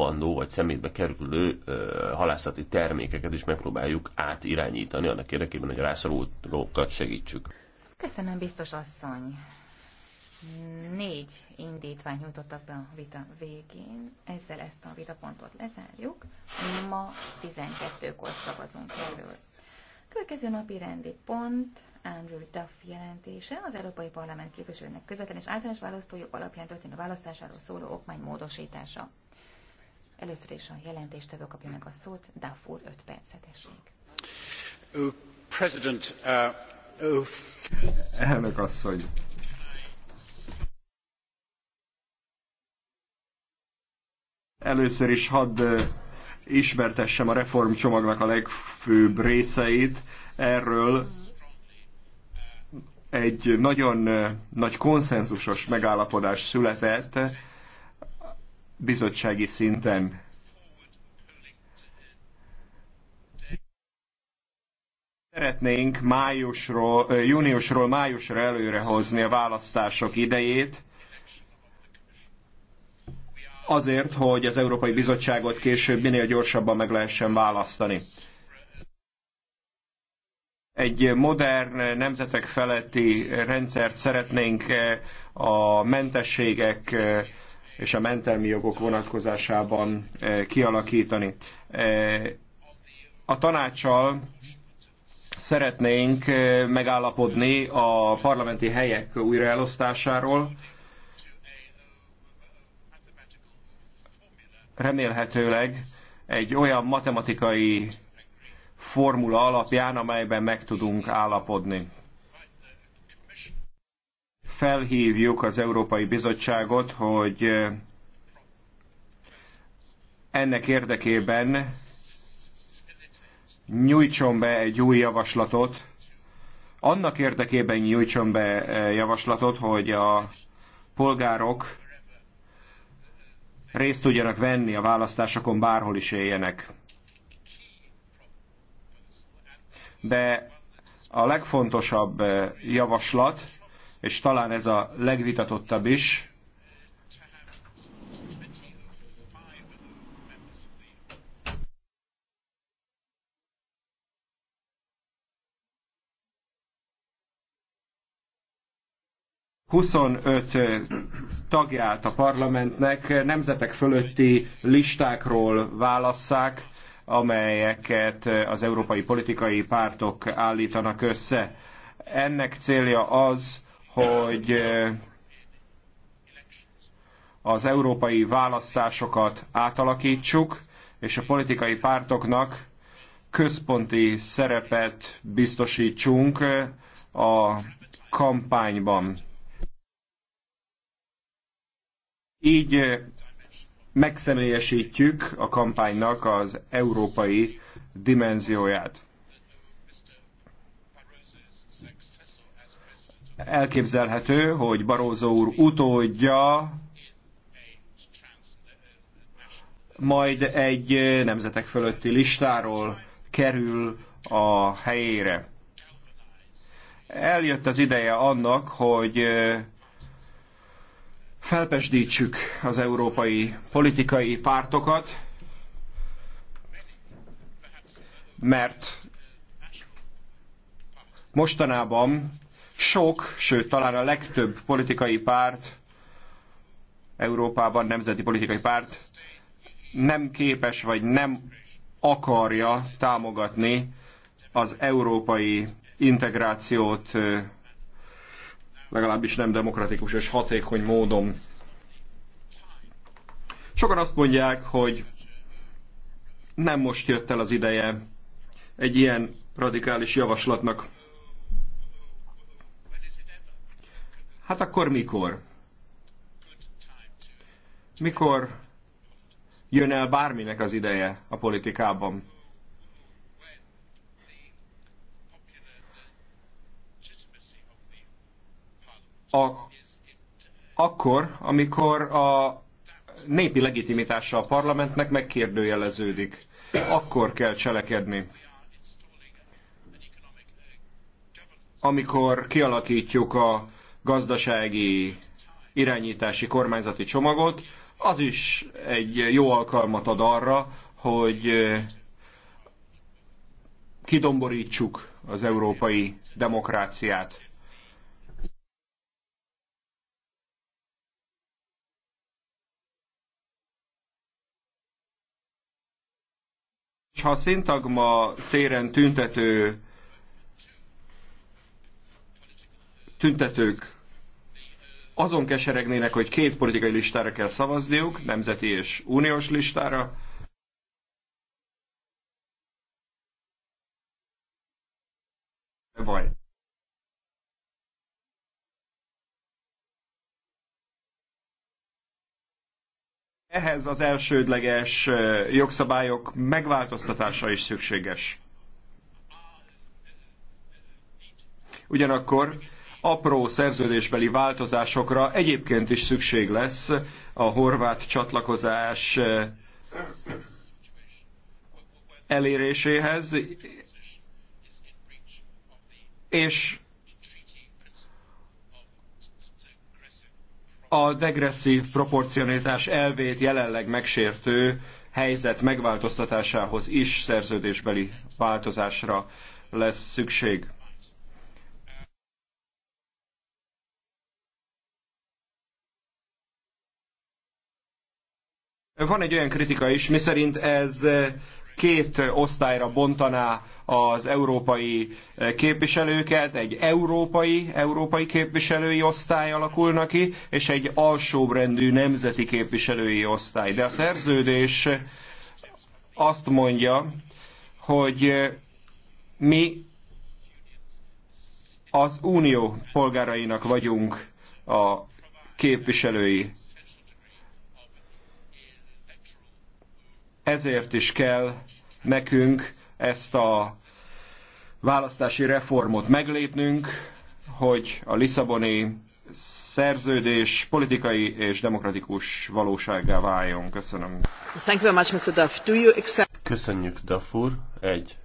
robbandó vagy szemétbe kerülő ö, halászati termékeket is megpróbáljuk átirányítani annak érdekében, hogy a rászorulókat segítsük. Köszönöm, biztos asszony. Négy indítványt nyújtottak be a vita végén. Ezzel ezt a vitapontot lezárjuk. Ma 12-kor szavazunk erről. Következő napi rendi pont Andrew Duff jelentése az Európai Parlament képviselőnek közvetlen és általános választójog alapján történő választásáról szóló okmány módosítása. Először is a jelentéstevő kapja meg a szót, Duffur 5 percet esik. President, uh... Elnök asszony, Először is hadd ismertessem a reformcsomagnak a legfőbb részeit. Erről egy nagyon nagy konszenzusos megállapodás született bizottsági szinten. Szeretnénk májusról, júniusról májusra előrehozni a választások idejét, azért, hogy az Európai Bizottságot később minél gyorsabban meg lehessen választani. Egy modern, nemzetek feletti rendszert szeretnénk a mentességek és a mentelmi jogok vonatkozásában eh, kialakítani. Eh, a tanácssal szeretnénk eh, megállapodni a parlamenti helyek újraelosztásáról. Remélhetőleg egy olyan matematikai formula alapján, amelyben meg tudunk állapodni felhívjuk az Európai Bizottságot, hogy eh, ennek érdekében nyújtson be egy új javaslatot, annak érdekében nyújtson be eh, javaslatot, hogy a polgárok részt tudjanak venni a választásokon, bárhol is éljenek. De a legfontosabb eh, javaslat és talán ez a legvitatottabb is, Huszonöt tagját a parlamentnek nemzetek fölötti listákról válasszák, amelyeket az európai politikai pártok állítanak össze. Ennek célja az, hogy eh, az európai választásokat átalakítsuk, és a politikai pártoknak központi szerepet biztosítsunk eh, a kampányban. Így eh, megszemélyesítjük a kampánynak az európai dimenzióját. elképzelhető, hogy Barózó úr utódja majd egy nemzetek fölötti listáról kerül a helyére. Eljött az ideje annak, hogy felpesdítsük az európai politikai pártokat, mert mostanában sok, sőt talán a legtöbb politikai párt Európában, nemzeti politikai párt nem képes vagy nem akarja támogatni az európai integrációt legalábbis nem demokratikus és hatékony módon. Sokan azt mondják, hogy nem most jött el az ideje egy ilyen radikális javaslatnak. Hát akkor mikor? Mikor jön el bárminek az ideje a politikában? A, akkor, amikor a népi legitimitása a parlamentnek megkérdőjeleződik, akkor kell cselekedni. Amikor kialakítjuk a gazdasági irányítási kormányzati csomagot, az is egy jó alkalmat ad arra, hogy kidomborítsuk az európai demokráciát. ha a szintagma téren tüntető tüntetők azon keseregnének, hogy két politikai listára kell szavazniuk, nemzeti és uniós listára, Vaj. ehhez az elsődleges jogszabályok megváltoztatása is szükséges. Ugyanakkor apró szerződésbeli változásokra egyébként is szükség lesz a horvát csatlakozás eh, eléréséhez, és a degresszív proporcionalitás elvét jelenleg megsértő helyzet megváltoztatásához is szerződésbeli változásra lesz szükség. Van egy olyan kritika is, miszerint ez eh, két osztályra bontaná az európai eh, képviselőket, egy európai, európai képviselői osztály alakulna ki, és egy alsóbrendű nemzeti képviselői osztály. De a szerződés azt mondja, hogy eh, mi az unió polgárainak vagyunk a képviselői. ezért is kell nekünk ezt a választási reformot meglépnünk, hogy a Lisszaboni szerződés politikai és demokratikus valósággá váljon. Köszönöm. Thank you very much, Mr. Duff. Do you accept... Köszönjük, Duff úr. Egy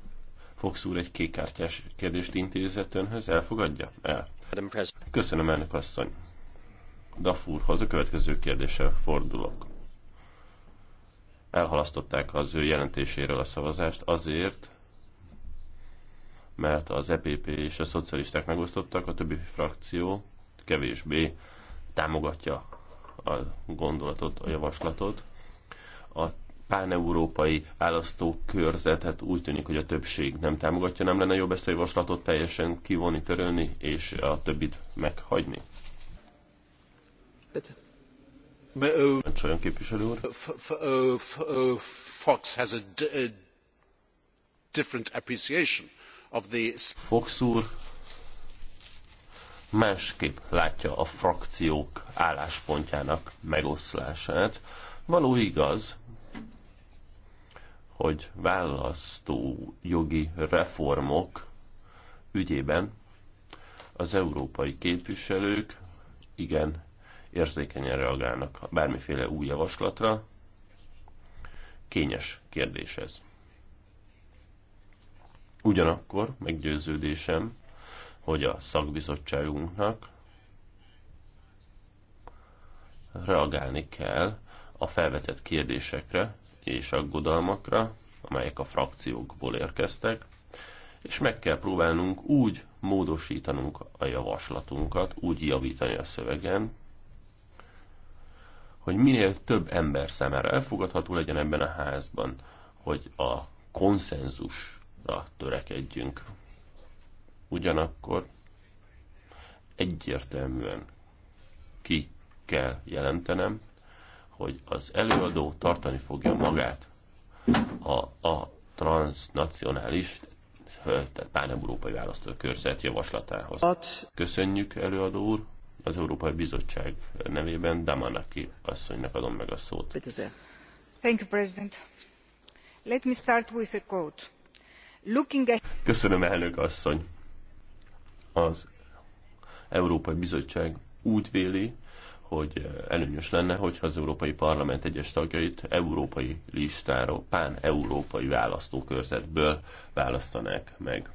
Fox úr egy kékkártyás kérdést intézett önhöz. Elfogadja? El. Köszönöm, elnök asszony. Duff úrhoz a következő kérdéssel fordulok elhalasztották az ő jelentéséről a szavazást azért, mert az EPP és a szocialisták megosztottak, a többi frakció kevésbé támogatja a gondolatot, a javaslatot. A páneurópai választókörzetet úgy tűnik, hogy a többség nem támogatja, nem lenne jobb ezt a javaslatot teljesen kivonni, törölni és a többit meghagyni. Bitte képviselő úr. Fox has a different appreciation of the... Fox úr másképp látja a frakciók álláspontjának megoszlását. Való igaz, hogy választó jogi reformok ügyében az európai képviselők igen érzékenyen reagálnak bármiféle új javaslatra. Kényes kérdés ez. Ugyanakkor meggyőződésem, hogy a szakbizottságunknak reagálni kell a felvetett kérdésekre és aggodalmakra, amelyek a frakciókból érkeztek, és meg kell próbálnunk úgy módosítanunk a javaslatunkat, úgy javítani a szövegen, hogy minél több ember számára elfogadható legyen ebben a házban, hogy a konszenzusra törekedjünk. Ugyanakkor egyértelműen ki kell jelentenem, hogy az előadó tartani fogja magát a, a transnacionális, tehát pán-európai választókörzet javaslatához. Köszönjük, előadó úr! az Európai Bizottság nevében Damanaki asszonynak adom meg a szót. Thank you, President. Let me start with a quote. Looking at... Köszönöm, elnök asszony. Az Európai Bizottság úgy véli, hogy előnyös lenne, hogyha az Európai Parlament egyes tagjait európai listáról, pán-európai választókörzetből választanák meg.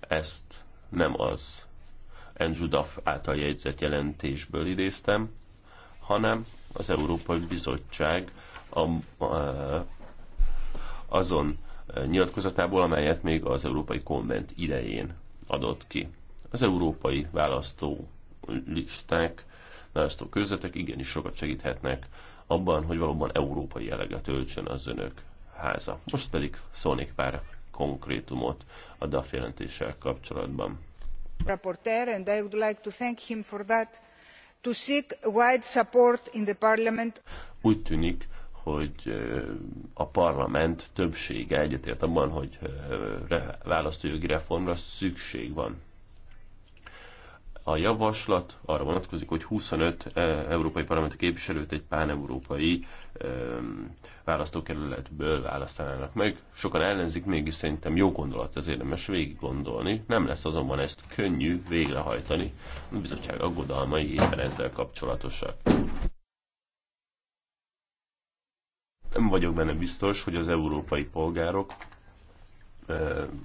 Ezt nem az Andrew Duff által jegyzett jelentésből idéztem, hanem az Európai Bizottság a, a, azon nyilatkozatából, amelyet még az Európai Konvent idején adott ki. Az európai választó listák, választó közvetek igenis sokat segíthetnek abban, hogy valóban európai jelleget öltsön az önök háza. Most pedig szólnék pár konkrétumot a DAF jelentéssel kapcsolatban. Rapporteur, and I would like to thank him for that, to seek wide support in the parliament. Úgy tűnik, hogy a parlament többsége egyetért abban, hogy választójogi reformra szükség van. A javaslat arra vonatkozik, hogy 25 e, európai parlamenti képviselőt egy páneurópai e, választókerületből választanának meg. Sokan ellenzik, mégis szerintem jó gondolat, ez érdemes végig gondolni. Nem lesz azonban ezt könnyű végrehajtani. A bizottság aggodalmai éppen ezzel kapcsolatosak nem vagyok benne biztos, hogy az európai polgárok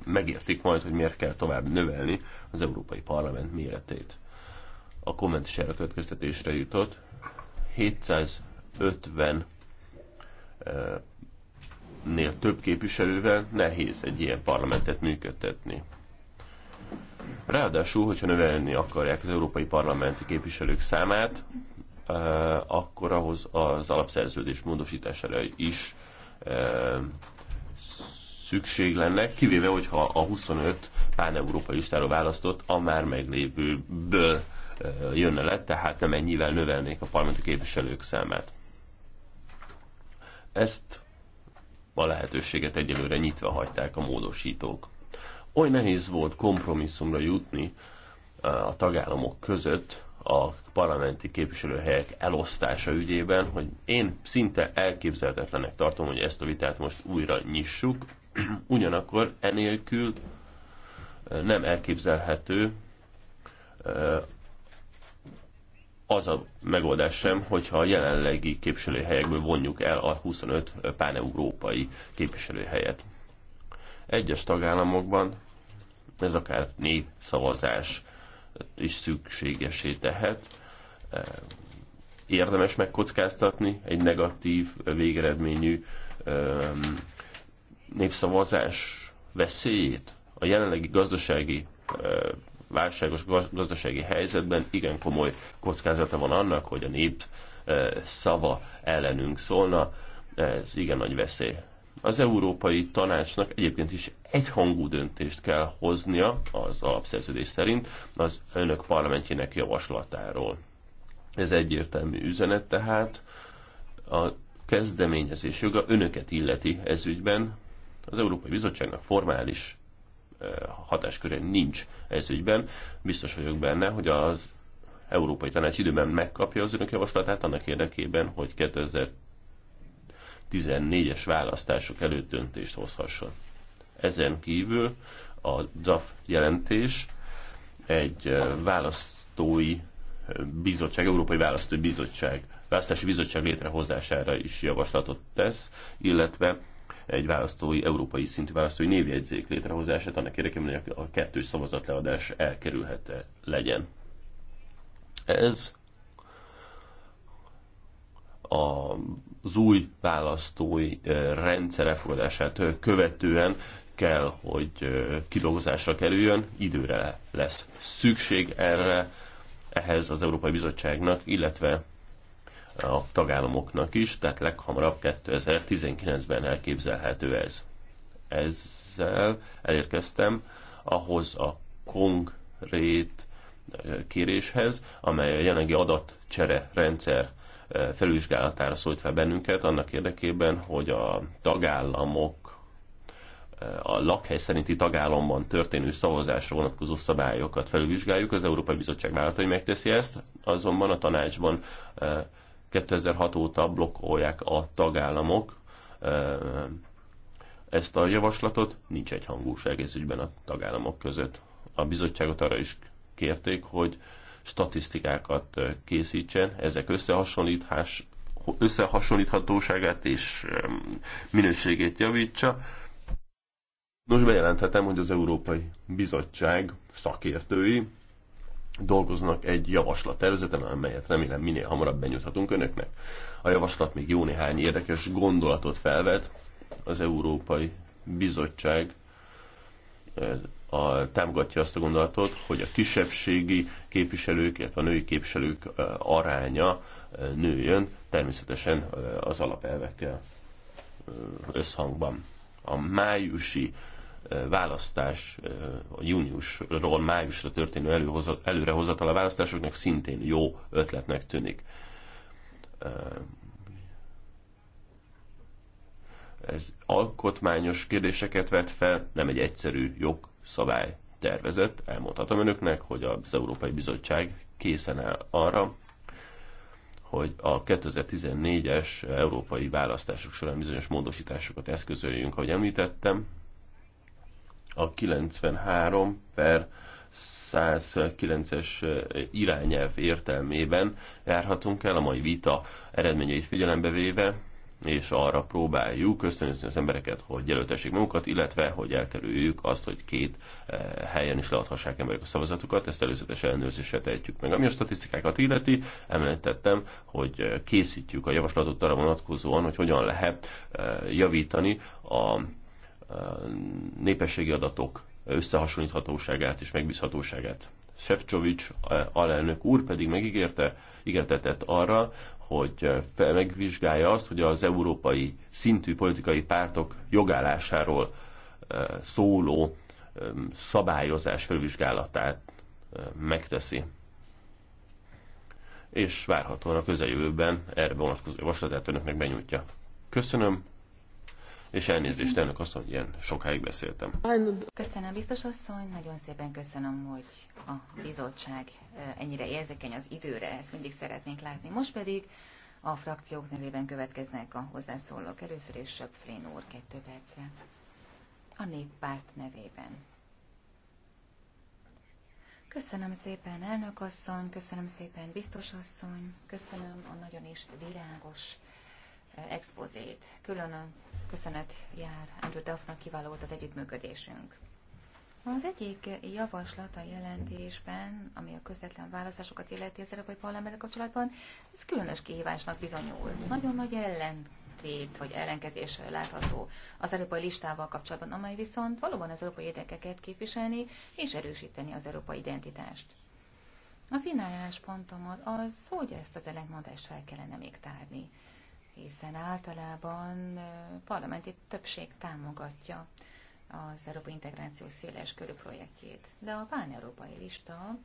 megértik majd, hogy miért kell tovább növelni az Európai Parlament méretét. A komment is erre következtetésre jutott. 750 nél több képviselővel nehéz egy ilyen parlamentet működtetni. Ráadásul, hogyha növelni akarják az európai parlamenti képviselők számát, akkor ahhoz az alapszerződés módosítására is szükség lenne, kivéve, hogyha a 25 pán-európai listára választott a már meglévőből jönne le, tehát nem ennyivel növelnék a parlamenti képviselők számát. Ezt a lehetőséget egyelőre nyitva hagyták a módosítók. Oly nehéz volt kompromisszumra jutni a tagállamok között a parlamenti képviselőhelyek elosztása ügyében, hogy én szinte elképzelhetetlenek tartom, hogy ezt a vitát most újra nyissuk, Ugyanakkor enélkül nem elképzelhető az a megoldás sem, hogyha a jelenlegi képviselőhelyekből vonjuk el a 25 páneurópai képviselőhelyet. Egyes tagállamokban ez akár népszavazás is szükségesé tehet. Érdemes megkockáztatni egy negatív végeredményű népszavazás veszélyét a jelenlegi gazdasági válságos gazdasági helyzetben igen komoly kockázata van annak, hogy a nép szava ellenünk szólna, ez igen nagy veszély. Az Európai Tanácsnak egyébként is egyhangú döntést kell hoznia az alapszerződés szerint az önök parlamentjének javaslatáról. Ez egyértelmű üzenet tehát. A kezdeményezés joga önöket illeti ezügyben, az Európai Bizottságnak formális hatáskörén nincs ez ügyben. Biztos vagyok benne, hogy az Európai Tanács időben megkapja az önök javaslatát annak érdekében, hogy 2014-es választások előtt döntést hozhasson. Ezen kívül a DAF jelentés egy választói bizottság, Európai Választói Bizottság, Választási Bizottság létrehozására is javaslatot tesz, illetve egy választói, európai szintű választói névjegyzék létrehozását annak érdekében, hogy a kettős szavazatleadás elkerülhető legyen. Ez az új választói rendszer elfogadását követően kell, hogy kidolgozásra kerüljön, időre lesz szükség erre, ehhez az Európai Bizottságnak, illetve a tagállamoknak is, tehát leghamarabb 2019-ben elképzelhető ez. Ezzel elérkeztem ahhoz a konkrét kéréshez, amely a jelenlegi adatcsere rendszer felvizsgálatára szólt fel bennünket, annak érdekében, hogy a tagállamok a lakhely szerinti tagállamban történő szavazásra vonatkozó szabályokat felvizsgáljuk. Az Európai Bizottság vállalata, hogy megteszi ezt, azonban a tanácsban 2006 óta blokkolják a tagállamok ezt a javaslatot, nincs egy hangúság ez ügyben a tagállamok között. A bizottságot arra is kérték, hogy statisztikákat készítsen, ezek összehasonlítás, összehasonlíthatóságát és minőségét javítsa. Nos, bejelenthetem, hogy az Európai Bizottság szakértői dolgoznak egy javaslat tervezeten, amelyet remélem minél hamarabb benyújthatunk önöknek. A javaslat még jó néhány érdekes gondolatot felvet. Az Európai Bizottság eh, a, támogatja azt a gondolatot, hogy a kisebbségi képviselők, illetve a női képviselők eh, aránya eh, nőjön, természetesen az alapelvekkel összhangban. A májusi választás, a júniusról májusra történő előrehozatal a választásoknak szintén jó ötletnek tűnik. Ez alkotmányos kérdéseket vet fel, nem egy egyszerű jogszabály tervezet. Elmondhatom önöknek, hogy az Európai Bizottság készen áll arra, hogy a 2014-es európai választások során bizonyos módosításokat eszközöljünk, ahogy említettem, a 93 per 109-es irányelv értelmében járhatunk el a mai vita eredményeit figyelembe véve, és arra próbáljuk ösztönözni az embereket, hogy jelöltessék magukat, illetve hogy elkerüljük azt, hogy két helyen is leadhassák emberek a szavazatukat, ezt előzetes ellenőrzéssel tehetjük meg. Ami a statisztikákat illeti, említettem, hogy készítjük a javaslatot arra vonatkozóan, hogy hogyan lehet javítani a népességi adatok összehasonlíthatóságát és megbízhatóságát. Sefcovics alelnök úr pedig megígérte, ígértetett arra, hogy megvizsgálja azt, hogy az európai szintű politikai pártok jogállásáról e, szóló e, szabályozás felvizsgálatát e, megteszi. És várhatóan a közeljövőben erre vonatkozó javaslatát önöknek benyújtja. Köszönöm, és elnézést elnök asszony, ilyen sokáig beszéltem. Köszönöm, biztos asszony, nagyon szépen köszönöm, hogy a bizottság ennyire érzékeny az időre, ezt mindig szeretnénk látni. Most pedig a frakciók nevében következnek a hozzászólók. Először is Söpflén úr, kettő percre. A néppárt nevében. Köszönöm szépen, elnök asszony, köszönöm szépen, biztos asszony, köszönöm a nagyon is világos expozét. Külön a köszönet jár Andrew Duffnak kiváló volt az együttműködésünk. Az egyik javaslat a jelentésben, ami a közvetlen választásokat illeti az Európai Parlamenttel kapcsolatban, ez különös kihívásnak bizonyul. Nagyon nagy ellentét vagy ellenkezés látható az európai listával kapcsolatban, amely viszont valóban az európai érdekeket képviselni és erősíteni az európai identitást. Az én álláspontom az, az, hogy ezt az ellentmondást fel kellene még tárni hiszen általában parlamenti többség támogatja az Európai Integráció széles körű projektjét. De a pán-európai lista,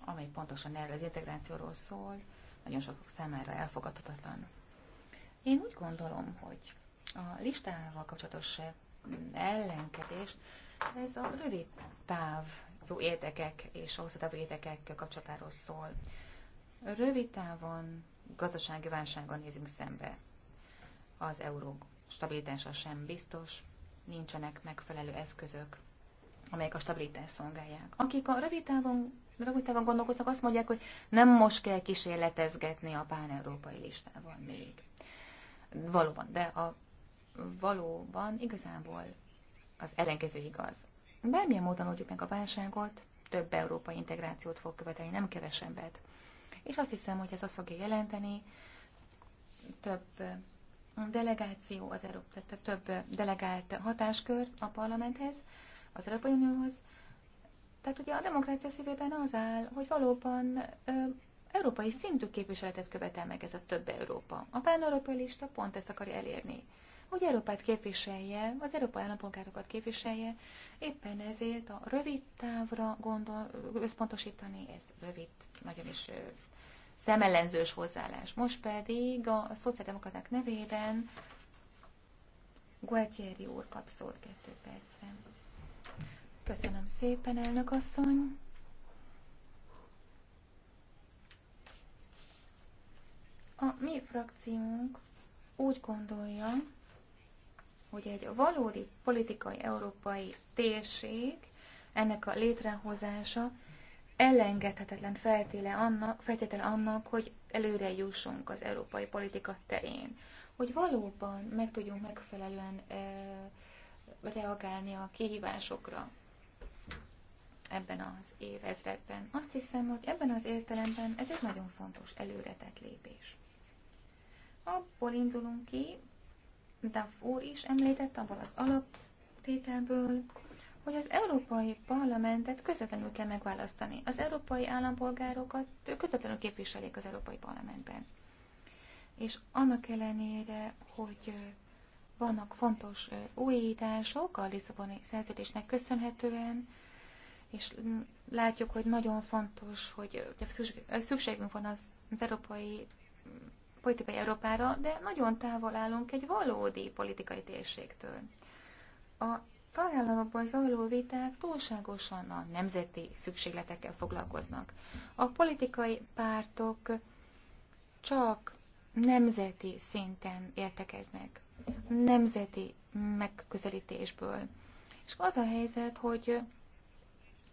amely pontosan erről az integrációról szól, nagyon sokak számára elfogadhatatlan. Én úgy gondolom, hogy a listával kapcsolatos ellenkezés, ez a rövid távú érdekek és hosszú távú érdekek kapcsolatáról szól. Rövid távon gazdasági válsággal nézünk szembe. Az euró stabilitása sem biztos, nincsenek megfelelő eszközök, amelyek a stabilitást szolgálják. Akik a rövid távon, rövid távon gondolkoznak, azt mondják, hogy nem most kell kísérletezgetni a pán-európai listával még. Valóban, de a valóban igazából az ellenkező igaz. Bármilyen módon oldjuk meg a válságot, több európai integrációt fog követelni, nem kevesebbet és azt hiszem, hogy ez azt fogja jelenteni, több delegáció, az Európa, tehát több delegált hatáskör a parlamenthez, az Európai Unióhoz. Tehát ugye a demokrácia szívében az áll, hogy valóban ö, európai szintű képviseletet követel meg ez a több Európa. A pán lista pont ezt akarja elérni hogy Európát képviselje, az európai állampolgárokat képviselje, éppen ezért a rövid távra gondol, összpontosítani, ez rövid, nagyon is szemellenzős hozzáállás. Most pedig a, szociáldemokraták nevében Gualtieri úr kap szót kettő percre. Köszönöm szépen, elnök asszony! A mi frakciónk úgy gondolja, hogy egy valódi politikai európai térség, ennek a létrehozása ellengethetetlen feltétele annak, feltétele annak, hogy előre jussunk az európai politika terén, hogy valóban meg tudjunk megfelelően e, reagálni a kihívásokra ebben az évezredben. Azt hiszem, hogy ebben az értelemben ez egy nagyon fontos előretett lépés. Abból indulunk ki, a úr is említett, abból az alaptételből, hogy az Európai Parlamentet közvetlenül kell megválasztani. Az európai állampolgárokat közvetlenül képviselik az Európai Parlamentben. És annak ellenére, hogy vannak fontos újítások a Lisszaboni szerződésnek köszönhetően, és látjuk, hogy nagyon fontos, hogy szükségünk van az európai mm, politikai Európára, de nagyon távol állunk egy valódi politikai térségtől. A tagállamokban zajló viták túlságosan a nemzeti szükségletekkel foglalkoznak. A politikai pártok csak nemzeti szinten értekeznek, nemzeti megközelítésből. És az a helyzet, hogy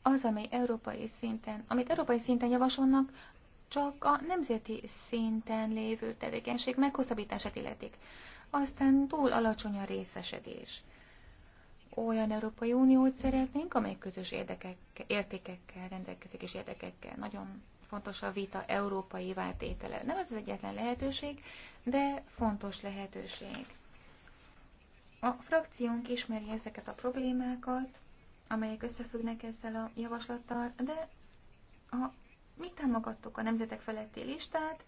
az, ami európai szinten, amit európai szinten javasolnak, csak a nemzeti szinten lévő tevékenység meghosszabbítását illetik. Aztán túl alacsony a részesedés olyan Európai Uniót szeretnénk, amely közös érdekek, értékekkel rendelkezik és érdekekkel. Nagyon fontos a vita európai váltétele. Nem ez az egyetlen lehetőség, de fontos lehetőség. A frakciónk ismeri ezeket a problémákat, amelyek összefüggnek ezzel a javaslattal, de ha mi támogattuk a nemzetek feletti listát,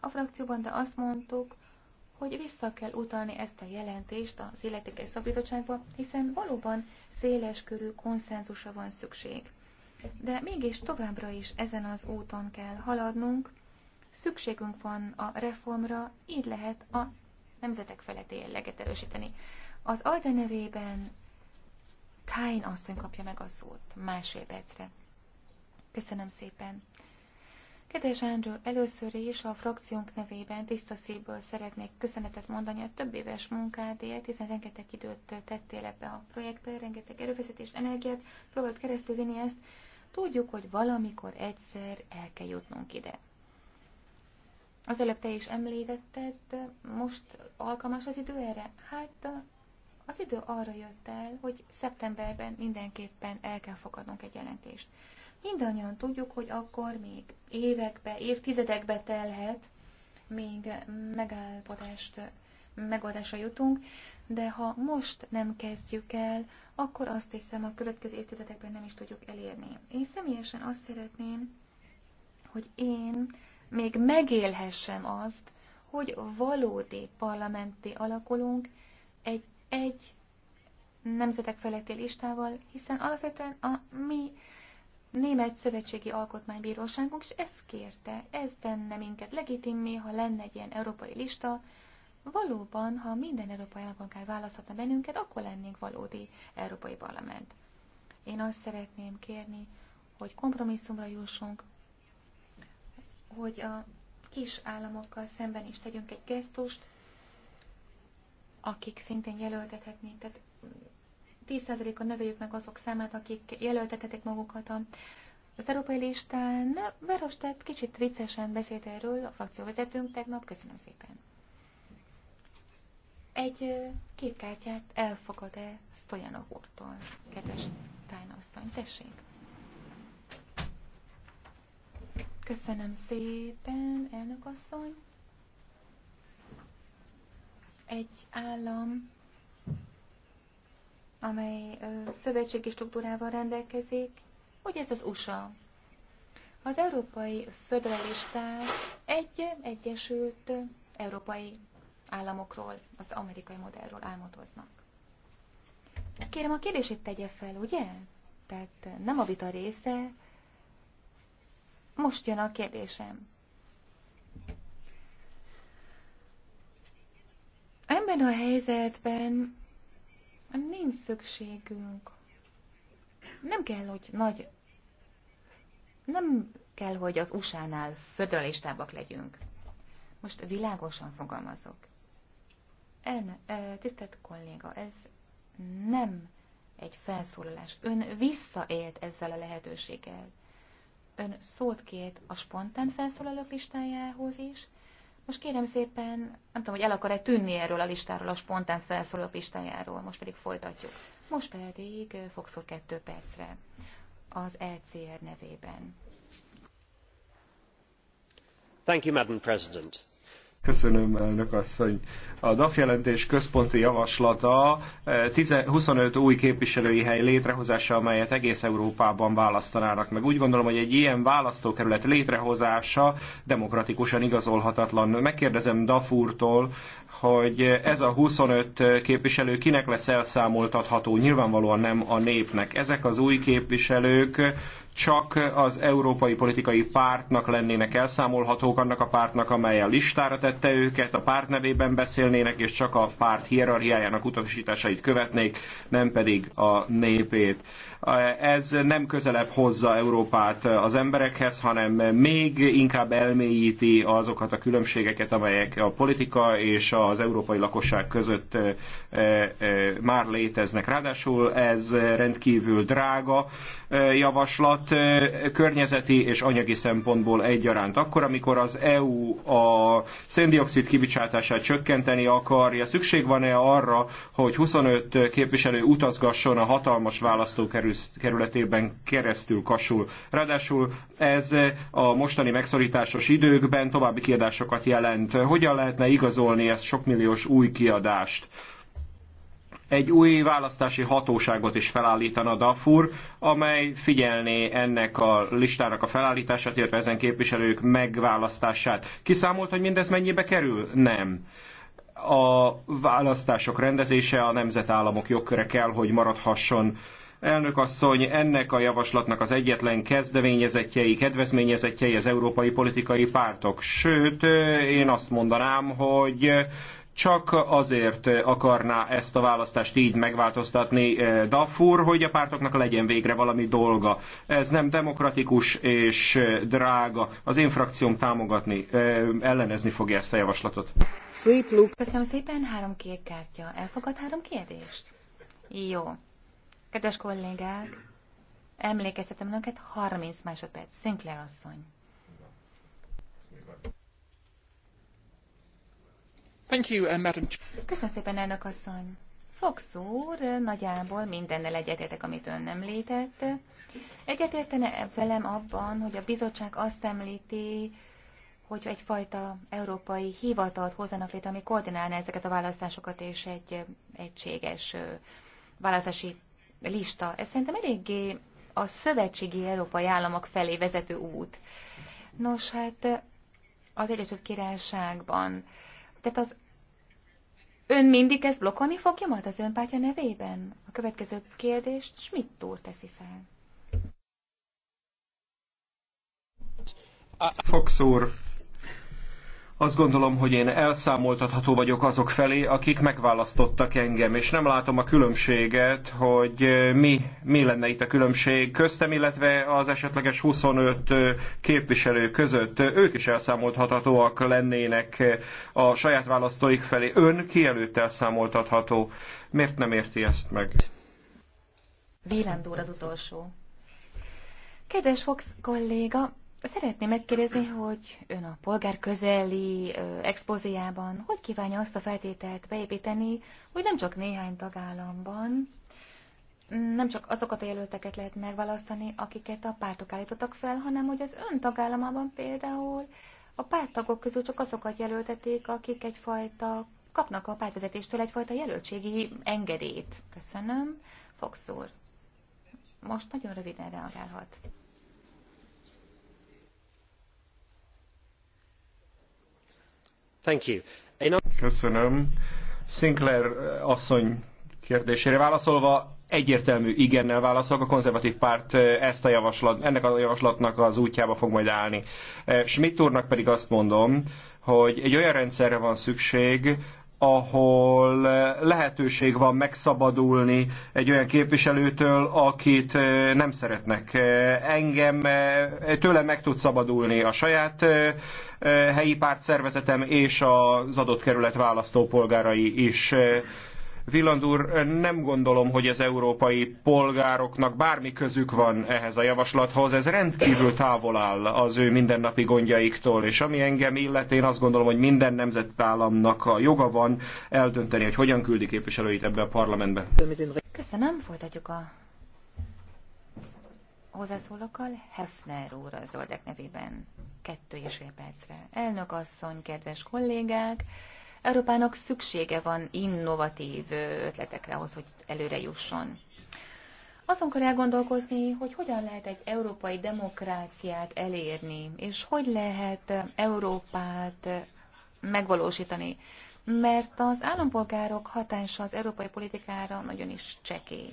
a frakcióban, de azt mondtuk, hogy vissza kell utalni ezt a jelentést az illetékes szakbizottságba, hiszen valóban széles körű konszenzusa van szükség. De mégis továbbra is ezen az úton kell haladnunk, szükségünk van a reformra, így lehet a nemzetek feletti jelleget erősíteni. Az Alde nevében Tájn asszony kapja meg a szót másfél percre. Köszönöm szépen. Kedves Andrew, először is a frakciónk nevében tiszta szívből szeretnék köszönetet mondani a több éves munkádért, hiszen rengeteg időt tettél ebbe a projektbe, rengeteg erőfeszítést, energiát próbált keresztül vinni ezt. Tudjuk, hogy valamikor egyszer el kell jutnunk ide. Az előbb te is említetted, most alkalmas az idő erre? Hát az idő arra jött el, hogy szeptemberben mindenképpen el kell fogadnunk egy jelentést. Mindannyian tudjuk, hogy akkor még évekbe, évtizedekbe telhet, még megállapodást, megoldásra jutunk, de ha most nem kezdjük el, akkor azt hiszem a következő évtizedekben nem is tudjuk elérni. Én személyesen azt szeretném, hogy én még megélhessem azt, hogy valódi parlamenti alakulunk egy, egy nemzetek feletti listával, hiszen alapvetően a mi Német Szövetségi Alkotmánybíróságunk, és ezt kérte, ez tenne minket legitimé, ha lenne egy ilyen európai lista, valóban, ha minden európai állampolgár választhatna bennünket, akkor lennénk valódi európai parlament. Én azt szeretném kérni, hogy kompromisszumra jussunk, hogy a kis államokkal szemben is tegyünk egy gesztust, akik szintén jelöltethetnénk, Tehát 10%-a növeljük meg azok számát, akik jelöltetetik magukat a az európai listán Verhofstadt kicsit viccesen beszélt erről, a frakcióvezetőnk tegnap, köszönöm szépen. Egy képkártyát elfogad-e Stojanov úrtól, kedves tájnasszony, tessék. Köszönöm szépen, elnök asszony. Egy állam amely szövetségi struktúrával rendelkezik, hogy ez az USA. Az európai föderalisták egy egyesült európai államokról, az amerikai modellről álmodoznak. Kérem, a kérdését tegye fel, ugye? Tehát nem a vita része. Most jön a kérdésem. Ebben a helyzetben Nincs szükségünk. Nem kell, hogy nagy... Nem kell, hogy az USA-nál föderalistábbak legyünk. Most világosan fogalmazok. Elne, tisztelt kolléga, ez nem egy felszólalás. Ön visszaélt ezzel a lehetőséggel. Ön szót kért a spontán felszólalók listájához is, most kérem szépen, nem tudom, hogy el akar-e tűnni erről a listáról, a spontán felszólalók listájáról, most pedig folytatjuk. Most pedig Fox úr kettő percre az LCR e nevében. Thank you, Madam President Köszönöm, elnök asszony. A DAF jelentés központi javaslata 25 eh, új képviselői hely létrehozása, amelyet egész Európában választanának meg. Úgy gondolom, hogy egy ilyen választókerület létrehozása demokratikusan igazolhatatlan. Megkérdezem DAF úrtól, hogy ez a 25 képviselő kinek lesz elszámoltatható, nyilvánvalóan nem a népnek. Ezek az új képviselők csak az európai politikai pártnak lennének elszámolhatók, annak a pártnak, amely a listára tette őket, a párt nevében beszélnének, és csak a párt hierarchiájának utasításait követnék, nem pedig a népét ez nem közelebb hozza Európát az emberekhez, hanem még inkább elmélyíti azokat a különbségeket, amelyek a politika és az európai lakosság között eh, eh, már léteznek. Ráadásul ez rendkívül drága eh, javaslat környezeti és anyagi szempontból egyaránt. Akkor, amikor az EU a széndiokszid kibocsátását csökkenteni akarja, szükség van-e arra, hogy 25 képviselő utazgasson a hatalmas választókerület kerületében keresztül kasul. Ráadásul ez a mostani megszorításos időkben további kiadásokat jelent. Hogyan lehetne igazolni ezt sokmilliós új kiadást? egy új választási hatóságot is felállítana Dafur, amely figyelné ennek a listának a felállítását, illetve ezen képviselők megválasztását. Kiszámolt, hogy mindez mennyibe kerül? Nem. A választások rendezése a nemzetállamok jogköre kell, hogy maradhasson Elnök asszony, ennek a javaslatnak az egyetlen kezdeményezetjei, kedvezményezetjei az európai politikai pártok. Sőt, én azt mondanám, hogy csak azért akarná ezt a választást így megváltoztatni eh, Dafur, hogy a pártoknak legyen végre valami dolga. Ez nem demokratikus és drága. Az én frakcióm támogatni, eh, ellenezni fogja ezt a javaslatot. Köszönöm szépen, három kék kártya. Elfogad három kérdést? Jó. Kedves kollégák, emlékeztetem önöket, 30 másodperc. Sinclair asszony. Thank you, uh, Madam. Köszönöm szépen, elnök asszony. Fox úr nagyjából mindennel egyetértek, amit ön nem létett. Egyetértene velem abban, hogy a bizottság azt említi, hogy egyfajta európai hivatalt hozzanak létre, ami koordinálna ezeket a választásokat, és egy egységes választási lista. Ez szerintem eléggé a szövetségi európai államok felé vezető út. Nos, hát eh, az Egyesült Királyságban, tehát az ön mindig ezt blokkolni fogja majd az pártja nevében? A következő kérdést Schmidt úr teszi fel. Fox úr, azt gondolom, hogy én elszámoltatható vagyok azok felé, akik megválasztottak engem, és nem látom a különbséget, hogy mi, mi lenne itt a különbség köztem, illetve az esetleges 25 képviselő között. Ők is elszámoltathatóak lennének a saját választóik felé. Ön ki elszámoltatható? Miért nem érti ezt meg? Vélandúr az utolsó. Kedves Fox kolléga, Szeretném megkérdezni, hogy ön a polgár közeli expozéjában hogy kívánja azt a feltételt beépíteni, hogy nem csak néhány tagállamban, nem csak azokat a jelölteket lehet megválasztani, akiket a pártok állítottak fel, hanem hogy az ön tagállamában például a párttagok közül csak azokat jelöltetik, akik egyfajta kapnak a pártvezetéstől egyfajta jelöltségi engedélyt. Köszönöm. Fox úr. Most nagyon röviden reagálhat. Köszönöm. Sinclair eh, asszony kérdésére válaszolva, egyértelmű igennel válaszolok, a konzervatív párt eh, ezt a javaslat, ennek a javaslatnak az útjába fog majd állni. Eh, Schmidt úrnak pedig azt mondom, hogy egy olyan rendszerre van szükség, ahol eh, lehetőség van megszabadulni egy olyan képviselőtől, akit eh, nem szeretnek. Eh, engem, tőlem meg tud szabadulni a saját helyi pártszervezetem és az adott kerület választópolgárai is. Villand úr, nem gondolom, hogy az európai polgároknak bármi közük van ehhez a javaslathoz. Ez rendkívül távol áll az ő mindennapi gondjaiktól, és ami engem illet, én azt gondolom, hogy minden nemzetállamnak a joga van eldönteni, hogy hogyan küldi képviselőit ebbe a parlamentbe. Köszönöm, folytatjuk a hozzászólókkal Hefner úr az Oldek nevében. Kettő és fél percre. Elnök asszony, kedves kollégák, Európának szüksége van innovatív ötletekre ahhoz, hogy előre jusson. Azon kell elgondolkozni, hogy hogyan lehet egy európai demokráciát elérni, és hogy lehet Európát megvalósítani. Mert az állampolgárok hatása az európai politikára nagyon is csekély.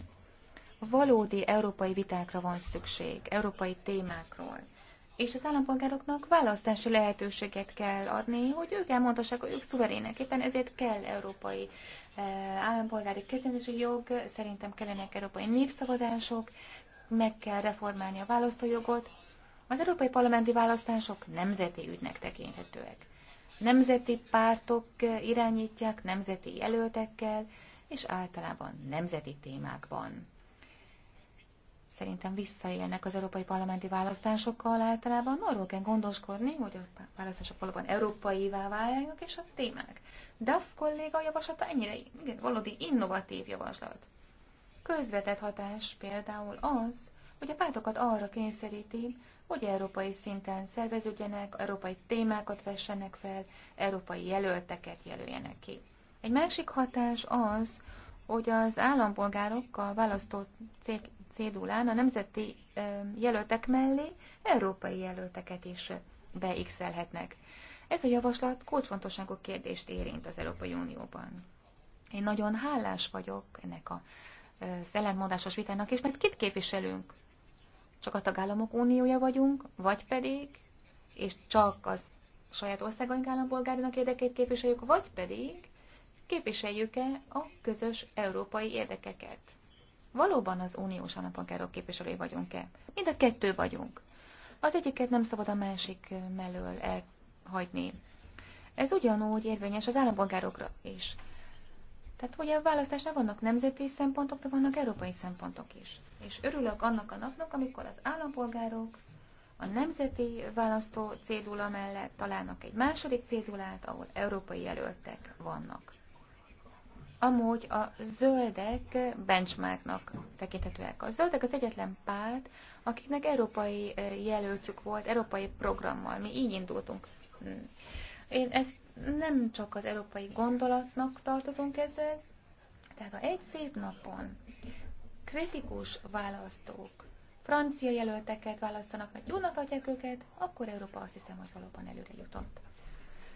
Valódi európai vitákra van szükség, európai témákról és az állampolgároknak választási lehetőséget kell adni, hogy ők elmondhassák, hogy ők szuverének. Éppen ezért kell európai eh, állampolgári kezdeményezési jog, szerintem kellenek európai népszavazások, meg kell reformálni a választójogot. Az európai parlamenti választások nemzeti ügynek tekinthetőek. Nemzeti pártok eh, irányítják nemzeti jelöltekkel, és általában nemzeti témákban szerintem visszaélnek az európai parlamenti választásokkal általában. Arról kell gondoskodni, hogy a választások valóban európaivá váljanak, és a témák. DAF kolléga javaslata ennyire igen, valódi innovatív javaslat. Közvetett hatás például az, hogy a pártokat arra kényszeríti, hogy európai szinten szerveződjenek, európai témákat vessenek fel, európai jelölteket jelöljenek ki. Egy másik hatás az, hogy az állampolgárok, a választó cédulán a nemzeti jelöltek mellé európai jelölteket is beixelhetnek. Ez a javaslat kulcsfontosságú kérdést érint az Európai Unióban. Én nagyon hálás vagyok ennek a ellentmondásos vitának, és mert kit képviselünk? Csak a tagállamok uniója vagyunk, vagy pedig, és csak az saját országaink állampolgárának érdekét képviseljük, vagy pedig képviseljük-e a közös európai érdekeket valóban az uniós állampolgárok képviselői vagyunk-e? Mind a kettő vagyunk. Az egyiket nem szabad a másik mellől elhagyni. Ez ugyanúgy érvényes az állampolgárokra is. Tehát ugye a választásnál vannak nemzeti szempontok, de vannak európai szempontok is. És örülök annak a napnak, amikor az állampolgárok a nemzeti választó cédula mellett találnak egy második cédulát, ahol európai jelöltek vannak. Amúgy a zöldek benchmarknak tekinthetőek. A zöldek az egyetlen párt, akiknek európai jelöltjük volt, európai programmal. Mi így indultunk. Hmm. Én ezt nem csak az európai gondolatnak tartozunk ezzel, tehát ha egy szép napon kritikus választók francia jelölteket választanak, mert jónak adják őket, akkor Európa azt hiszem, hogy valóban előre jutott.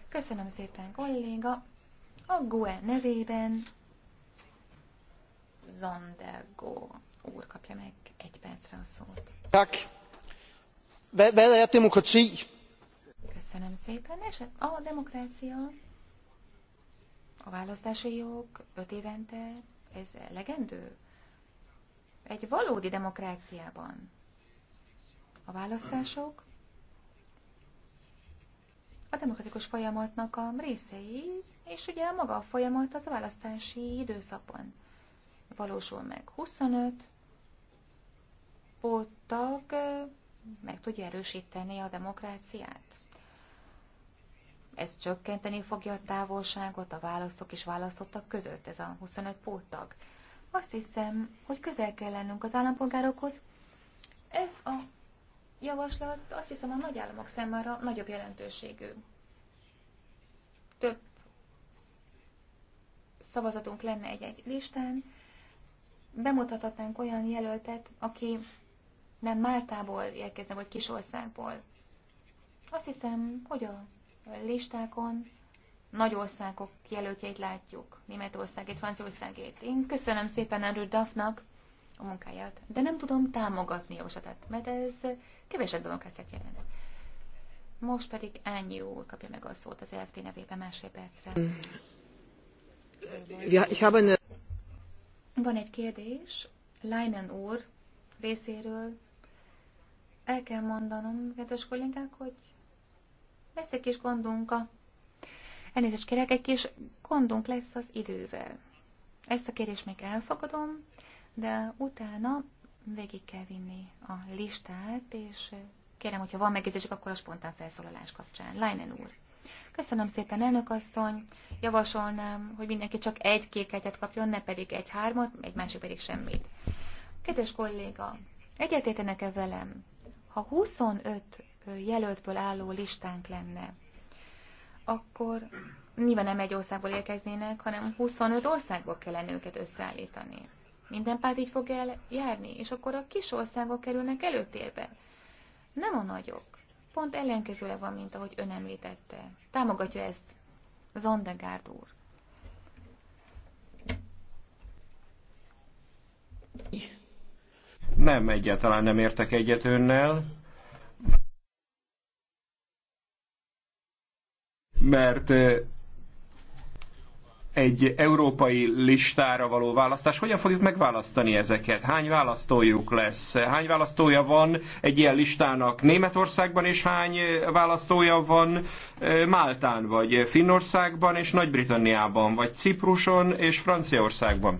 Köszönöm szépen, kolléga! A GUE nevében Zandergo úr kapja meg egy percre a szót. Tak. Hvad er demokrati? Köszönöm szépen. És a demokrácia, a választási jog öt évente, ez legendő. Egy valódi demokráciában a választások a demokratikus folyamatnak a részei, és ugye maga a folyamat az a választási időszakon valósul meg. 25 póttag meg tudja erősíteni a demokráciát. Ez csökkenteni fogja a távolságot a választók és választottak között, ez a 25 póttag. Azt hiszem, hogy közel kell lennünk az állampolgárokhoz. Ez a javaslat azt hiszem a államok számára nagyobb jelentőségű. Több szavazatunk lenne egy-egy listán, bemutathatnánk olyan jelöltet, aki nem Máltából érkezne, vagy kisországból. Azt hiszem, hogy a listákon nagy országok jelöltjeit látjuk, Németországét, Franciaországét. Én köszönöm szépen Andrew Duffnak a munkáját, de nem tudom támogatni jósatát, mert ez kevesebb demokráciát jelent. Most pedig Ányi úr kapja meg a szót az EFT nevében másfél percre. Van egy kérdés Leinen úr részéről. El kell mondanom, kedves kollégák, hogy lesz egy kis a... Elnézést kérek, egy kis gondunk lesz az idővel. Ezt a kérést még elfogadom, de utána végig kell vinni a listát, és kérem, hogyha van megjegyzések, akkor a spontán felszólalás kapcsán. Leinen úr. Köszönöm szépen, elnök asszony. Javasolnám, hogy mindenki csak egy egyet kapjon, ne pedig egy hármat, egy másik pedig semmit. Kedves kolléga, egyetértenek-e velem, ha 25 jelöltből álló listánk lenne, akkor nyilván nem egy országból érkeznének, hanem 25 országból kellene őket összeállítani. Minden párt így fog eljárni, és akkor a kis országok kerülnek előtérbe. Nem a nagyok pont ellenkezőleg van, mint ahogy ön említette. Támogatja ezt Zondegárd úr. Nem, egyáltalán nem értek egyet önnel. Mert egy európai listára való választás, hogyan fogjuk megválasztani ezeket? Hány választójuk lesz? Hány választója van egy ilyen listának Németországban, és hány választója van Máltán, vagy Finnországban, és Nagy-Britanniában, vagy Cipruson, és Franciaországban?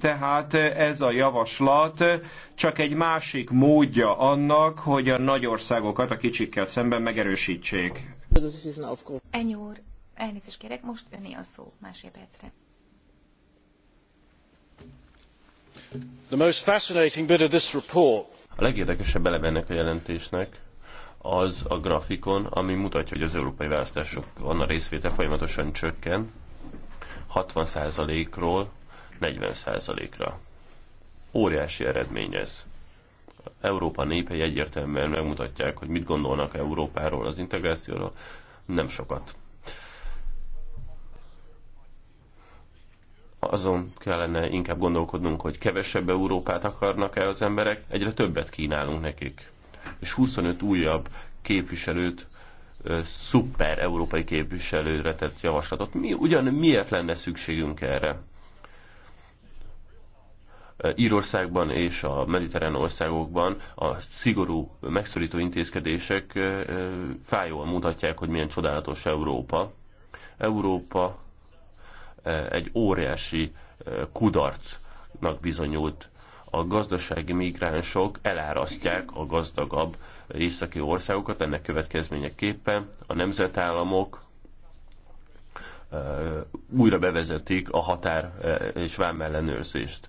Tehát ez a javaslat csak egy másik módja annak, hogy a nagy országokat a kicsikkel szemben megerősítsék. Ennyi úr, Elnézést kérek, most öné a szó másfél percre. The most fascinating bit of this report. A legérdekesebb eleme ennek a jelentésnek az a grafikon, ami mutatja, hogy az európai választások a részvétel folyamatosan csökken 60%-ról 40%-ra. Óriási eredmény ez. Európa népei egyértelműen megmutatják, hogy mit gondolnak Európáról, az integrációról, nem sokat. azon kellene inkább gondolkodnunk, hogy kevesebb Európát akarnak-e az emberek, egyre többet kínálunk nekik. És 25 újabb képviselőt, szuper európai képviselőre tett javaslatot. Mi, ugyan miért lenne szükségünk erre? Írországban és a mediterrán országokban a szigorú megszorító intézkedések fájóan mutatják, hogy milyen csodálatos Európa. Európa egy óriási kudarcnak bizonyult. A gazdasági migránsok elárasztják a gazdagabb északi országokat, ennek következményeképpen a nemzetállamok újra bevezetik a határ és vámellenőrzést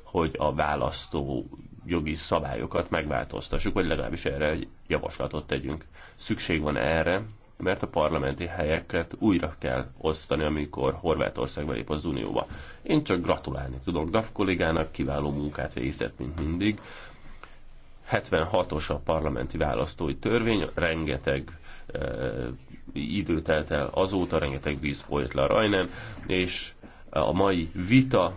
hogy a választó jogi szabályokat megváltoztassuk, vagy legalábbis erre egy javaslatot tegyünk. Szükség van erre, mert a parlamenti helyeket újra kell osztani, amikor Horvátország belép az Unióba. Én csak gratulálni tudok DAF kollégának, kiváló munkát végzett, mint mindig. 76-os a parlamenti választói törvény, rengeteg e, idő telt el azóta, rengeteg víz folyt le a rajnem, és a mai vita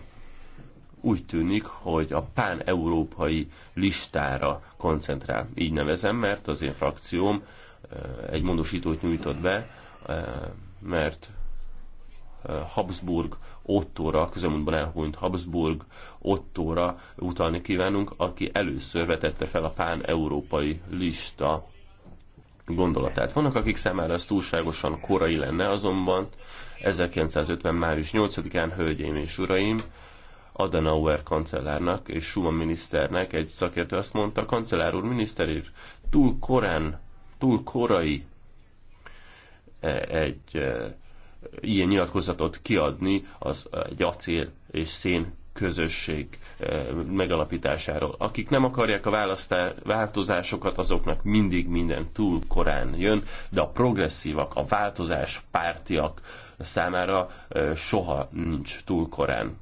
úgy tűnik, hogy a pán-európai listára koncentrál. Így nevezem, mert az én frakcióm eh, egy módosítót nyújtott be, eh, mert eh, Habsburg Ottóra, közelmúltban elhunyt Habsburg Ottóra utalni kívánunk, aki először vetette fel a pán-európai lista gondolatát. Vannak, akik számára ez túlságosan korai lenne, azonban 1950. május 8-án, hölgyeim és uraim, Adenauer kancellárnak és Schumann miniszternek egy szakértő azt mondta, kancellár úr, miniszter ír, túl korán, túl korai e, egy e, ilyen nyilatkozatot kiadni az egy acél és szén közösség e, megalapításáról. Akik nem akarják a változásokat, azoknak mindig minden túl korán jön, de a progresszívak, a változás pártiak számára soha nincs túl korán.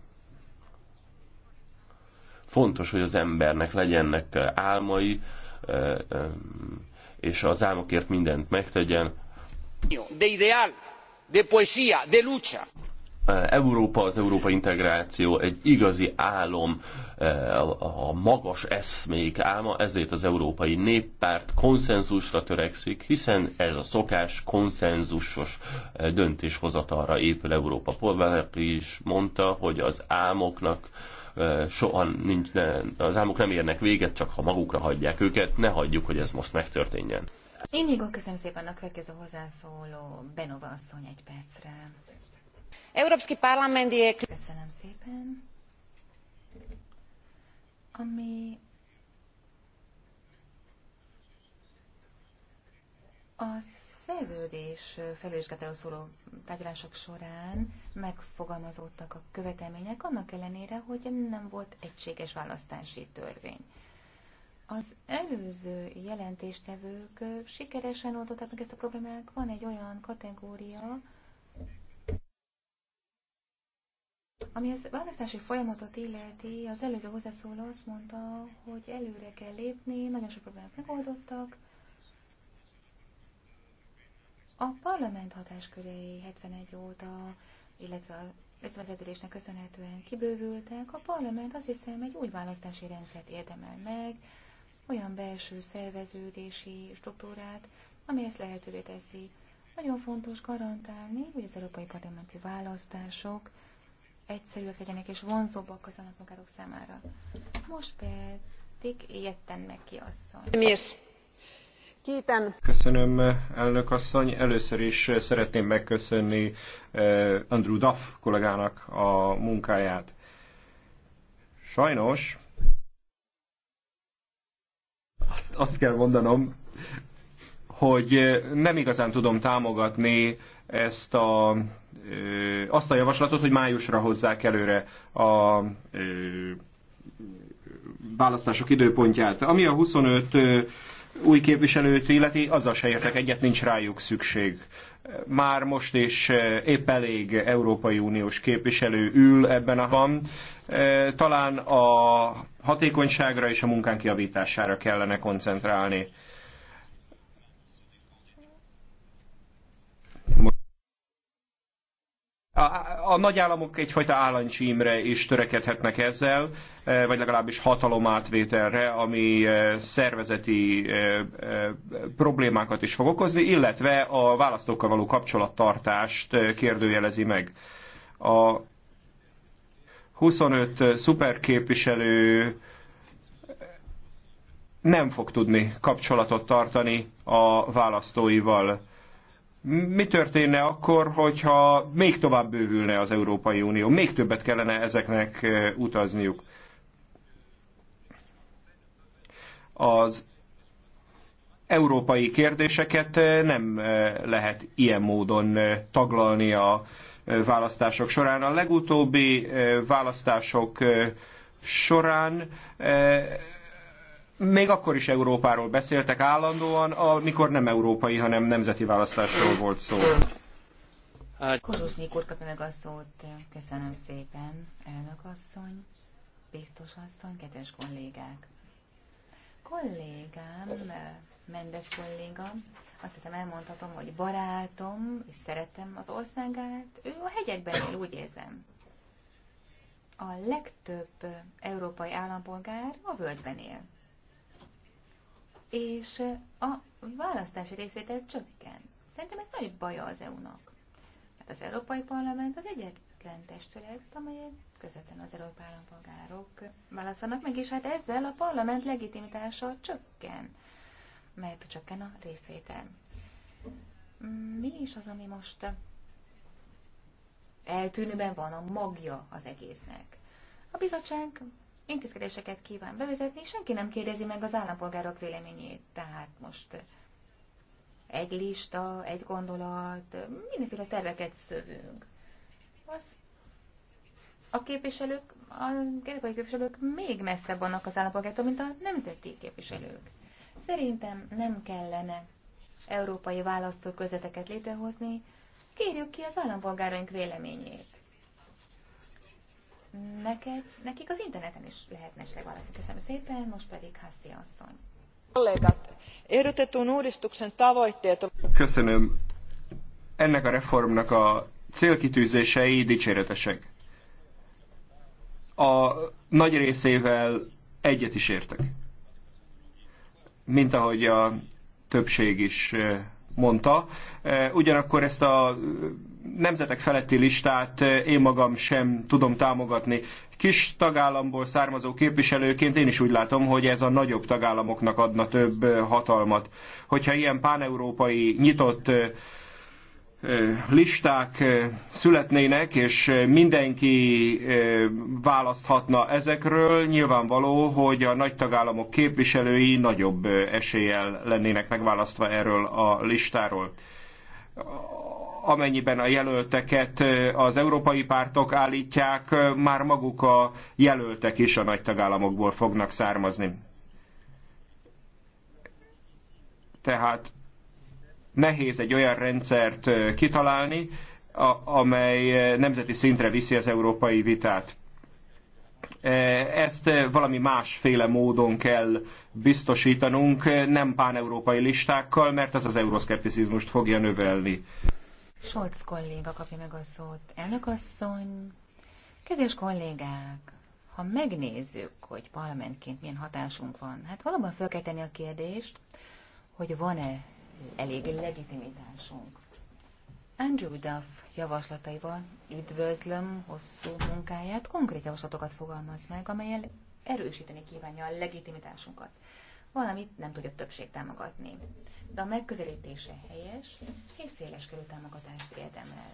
Fontos, hogy az embernek legyenek álmai, és az álmokért mindent megtegyen. De ideál, de poesia, de lucha. Európa, az Európa integráció egy igazi álom, a magas eszmék álma, ezért az Európai Néppárt konszenzusra törekszik, hiszen ez a szokás konszenzusos döntéshozatalra épül Európa. Polvár is mondta, hogy az álmoknak Eh, sohan nincs, az álmok nem érnek véget, csak ha magukra hagyják őket, ne hagyjuk, hogy ez most megtörténjen. Én még köszönöm szépen a következő hozzászóló Benova asszony egy percre. Európai parlamentiek... Köszönöm szépen. Ami az szerződés felülvizsgálatáról szóló tárgyalások során megfogalmazódtak a követelmények, annak ellenére, hogy nem volt egységes választási törvény. Az előző jelentéstevők sikeresen oldották meg ezt a problémát. Van egy olyan kategória, Ami az választási folyamatot illeti, az előző hozzászóló azt mondta, hogy előre kell lépni, nagyon sok problémát megoldottak, a parlament hatáskörei 71 óta, illetve a összevezetésnek köszönhetően kibővültek, a parlament azt hiszem egy új választási rendszert érdemel meg, olyan belső szerveződési struktúrát, ami ezt lehetővé teszi. Nagyon fontos garantálni, hogy az európai parlamenti választások egyszerűek legyenek és vonzóbbak az állampolgárok számára. Most pedig ilyetten meg ki asszony. Mi is? Kéten. Köszönöm, elnök asszony. Először is szeretném megköszönni eh, Andrew Duff kollégának a munkáját. Sajnos, azt, azt kell mondanom, hogy eh, nem igazán tudom támogatni ezt a, eh, azt a javaslatot, hogy májusra hozzák előre a választások időpontját. Ami a 25 új képviselőt illeti, azzal se értek egyet, nincs rájuk szükség. Már most is eh, épp elég Európai Uniós képviselő ül ebben a van. Eh, talán a hatékonyságra és a munkánk javítására kellene koncentrálni. A, a nagyállamok egyfajta államcsímre is törekedhetnek ezzel, Eh, vagy legalábbis hatalomátvételre, ami eh, szervezeti eh, problémákat is fog okozni, illetve a választókkal való kapcsolattartást kérdőjelezi meg. A 25 szuperképviselő nem fog tudni kapcsolatot tartani a választóival. Mi történne akkor, hogyha még tovább bővülne az Európai Unió? Még többet kellene ezeknek utazniuk. az európai kérdéseket eh, nem eh, lehet ilyen módon eh, taglalni a választások során. A legutóbbi választások során még akkor is Európáról beszéltek állandóan, amikor nem európai, hanem nemzeti választásról volt szó. Kozsusznyik úr kapja meg a szót. Köszönöm szépen, elnök asszony, biztos asszony, kedves kollégák kollégám, Mendes kolléga, azt hiszem elmondhatom, hogy barátom, és szeretem az országát, ő a hegyekben él, úgy érzem. A legtöbb európai állampolgár a völgyben él. És a választási részvétel csökken. Szerintem ez nagy baja az EU-nak. Hát az Európai Parlament az egyet, független testület, amelyet közvetlen az európai állampolgárok válaszolnak meg, és hát ezzel a parlament legitimitása csökken, mert csökken a részvétel. Mi is az, ami most eltűnőben van a magja az egésznek? A bizottság intézkedéseket kíván bevezetni, senki nem kérdezi meg az állampolgárok véleményét. Tehát most egy lista, egy gondolat, mindenféle terveket szövünk az a képviselők, a gerikai képviselők még messzebb vannak az állampolgártól, mint a nemzeti képviselők. Szerintem nem kellene európai választóközeteket létrehozni, kérjük ki az állampolgáraink véleményét. Neked, nekik az interneten is lehetne se válaszni. Köszönöm szépen, most pedig Hassi asszony. Köszönöm. Ennek a reformnak a célkitűzései dicséretesek. A nagy részével egyet is értek. Mint ahogy a többség is mondta. Ugyanakkor ezt a nemzetek feletti listát én magam sem tudom támogatni. Kis tagállamból származó képviselőként én is úgy látom, hogy ez a nagyobb tagállamoknak adna több hatalmat. Hogyha ilyen páneurópai nyitott listák születnének, és mindenki választhatna ezekről, nyilvánvaló, hogy a nagy tagállamok képviselői nagyobb eséllyel lennének megválasztva erről a listáról amennyiben a jelölteket az európai pártok állítják, már maguk a jelöltek is a nagy tagállamokból fognak származni. Tehát nehéz egy olyan rendszert kitalálni, amely nemzeti szintre viszi az európai vitát. Ezt valami másféle módon kell biztosítanunk, nem páneurópai listákkal, mert ez az euroszkepticizmust fogja növelni. Scholz kolléga kapja meg a szót. Elnök asszony, kedves kollégák, ha megnézzük, hogy parlamentként milyen hatásunk van, hát valóban fel kell tenni a kérdést, hogy van-e elég legitimitásunk. Andrew Duff javaslataival üdvözlöm hosszú munkáját, konkrét javaslatokat fogalmaz meg, amelyel erősíteni kívánja a legitimitásunkat. Valamit nem tudja többség támogatni. De a megközelítése helyes és széles körű támogatást érdemel.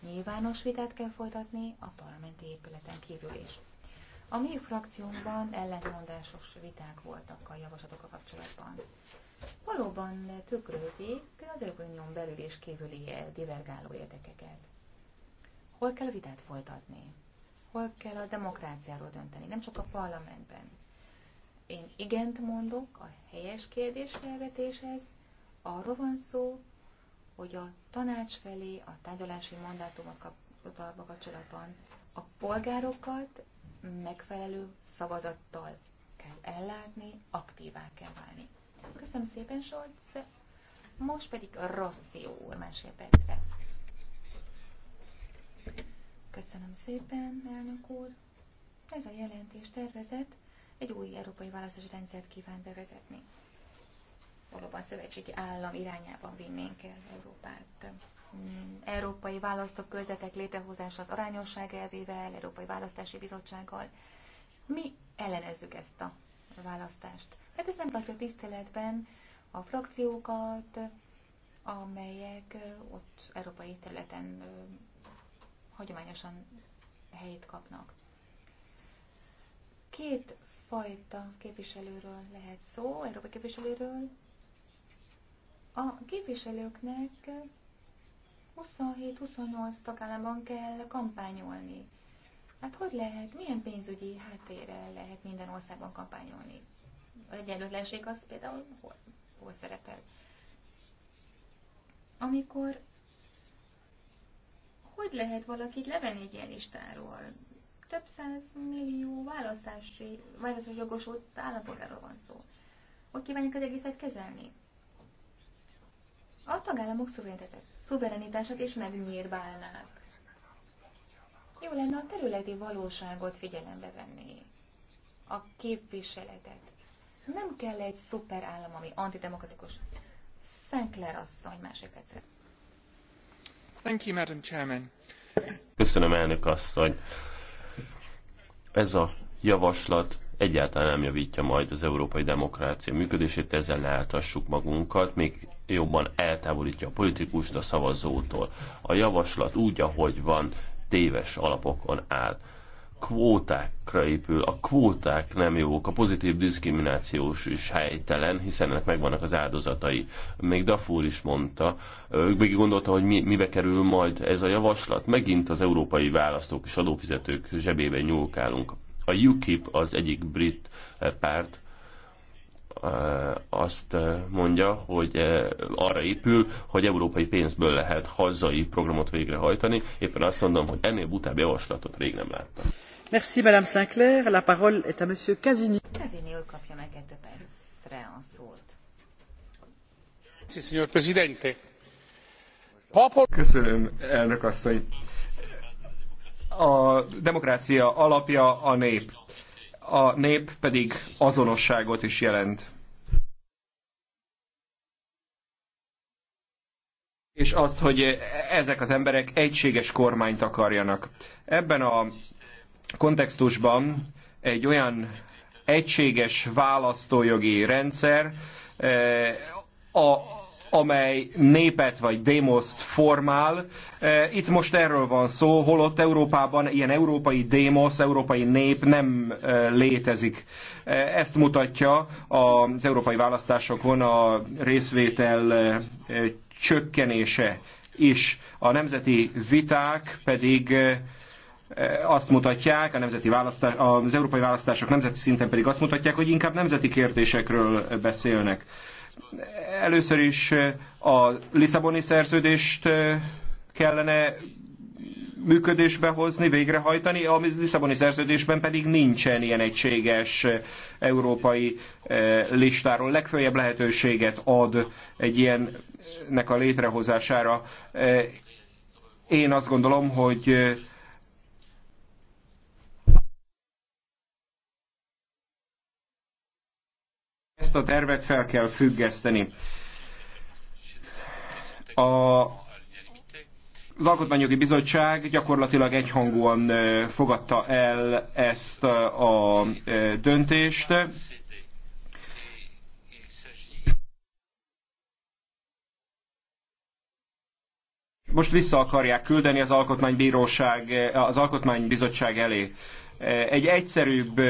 Nyilvános vitát kell folytatni a parlamenti épületen kívül is. A mi frakciónkban ellentmondásos viták voltak a javaslatok a kapcsolatban valóban tükrözik az Európai belül és kívüli eh, divergáló érdekeket. Hol kell vitát folytatni? Hol kell a demokráciáról dönteni? Nem csak a parlamentben. Én igent mondok a helyes kérdés felvetéshez. Arról van szó, hogy a tanács felé a tárgyalási mandátumot kapva kapcsolatban a polgárokat megfelelő szavazattal kell ellátni, aktívá kell válni. Köszönöm szépen, Solc. Most pedig a Rossi úr mesél percre. Köszönöm szépen, elnök úr. Ez a jelentés tervezet egy új európai választási rendszert kíván bevezetni. Valóban szövetségi állam irányában vinnénk el Európát. Európai körzetek létrehozása az arányosság elvével, Európai Választási Bizottsággal. Mi ellenezzük ezt a választást. Hát ez nem tartja tiszteletben a frakciókat, amelyek ott európai területen hagyományosan helyét kapnak. Két fajta képviselőről lehet szó, európai képviselőről. A képviselőknek 27-28 tagállamban kell kampányolni. Hát hogy lehet, milyen pénzügyi háttérrel lehet minden országban kampányolni? az egyenlőtlenség az például hol, hol szerepel. Amikor hogy lehet valakit levenni egy ilyen listáról? Több száz millió választási, választási jogosult állampolgáról van szó. Hogy kívánjuk az egészet kezelni? A tagállamok szuverenitását is megnyírbálnák. Jó lenne a területi valóságot figyelembe venni, a képviseletet. Nem kell egy szuper állam ami antidemokratikus. az asszony, másik egyszer. Thank you, Madam Chairman. Köszönöm, elnök asszony. Ez a javaslat egyáltalán nem javítja majd az európai demokrácia működését, ezzel leáltassuk magunkat, még jobban eltávolítja a politikust a szavazótól. A javaslat úgy, ahogy van, téves alapokon áll kvótákra épül. A kvóták nem jók, a pozitív diszkriminációs is helytelen, hiszen ennek megvannak az áldozatai. Még Dafur is mondta, ők még gondolta, hogy mi, mibe kerül majd ez a javaslat. Megint az európai választók és adófizetők zsebébe nyúlkálunk. A UKIP az egyik brit eh, párt, azt mondja, hogy arra épül, hogy európai pénzből lehet hazai programot végrehajtani. Éppen azt mondom, hogy ennél butább javaslatot rég nem láttam. Merci, Madame Sinclair. La parole est à Monsieur Casini. Casini ő kapja meg egy percre a szót. Sí, signor Presidente. Köszönöm, elnök asszony. A demokrácia alapja a nép a nép pedig azonosságot is jelent. És azt, hogy ezek az emberek egységes kormányt akarjanak. Ebben a kontextusban egy olyan egységes választójogi rendszer, eh, a, amely népet vagy démoszt formál. E, itt most erről van szó, holott Európában ilyen európai démosz, európai nép nem e, létezik. E, ezt mutatja az európai választásokon a részvétel csökkenése is. A nemzeti viták pedig azt mutatják, a nemzeti választás, az európai választások nemzeti szinten pedig azt mutatják, hogy inkább nemzeti kérdésekről beszélnek. Először is a Lisszaboni szerződést kellene működésbe hozni, végrehajtani, a Lisszaboni szerződésben pedig nincsen ilyen egységes európai listáról. Legfőjebb lehetőséget ad egy ilyennek a létrehozására. Én azt gondolom, hogy ezt a tervet fel kell függeszteni. A, az Alkotmányjogi Bizottság gyakorlatilag egyhangúan fogadta el ezt a döntést. Most vissza akarják küldeni az Alkotmánybíróság, az Alkotmánybizottság elé. Egy egyszerűbb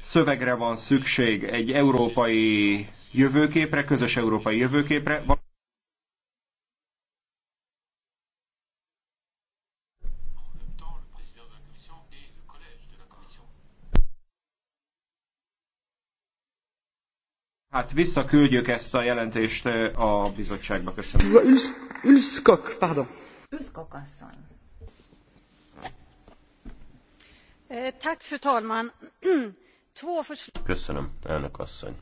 szövegre van szükség, egy európai jövőképre, közös európai jövőképre. Hát visszaküldjük ezt a jelentést a bizottságba. Köszönöm. Ülszkok, pardon. Ülszkok asszony. Eh, tak, fru talman. Köszönöm, elnök asszony.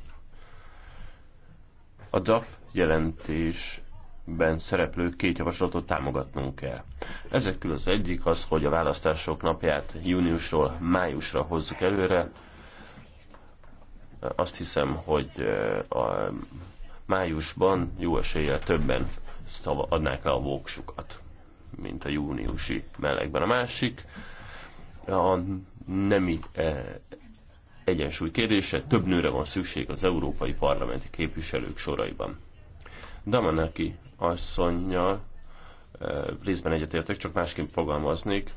A DAF jelentésben szereplő két javaslatot támogatnunk kell. Ezek közül az egyik az, hogy a választások napját júniusról májusra hozzuk előre. Azt hiszem, hogy eh, a májusban jó eséllyel többen adnák le a voksukat, mint a júniusi melegben. A másik a nemi eh, egyensúly kérdése, több nőre van szükség az európai parlamenti képviselők soraiban. Damanaki asszonynal eh, részben egyetértek, csak másként fogalmaznék,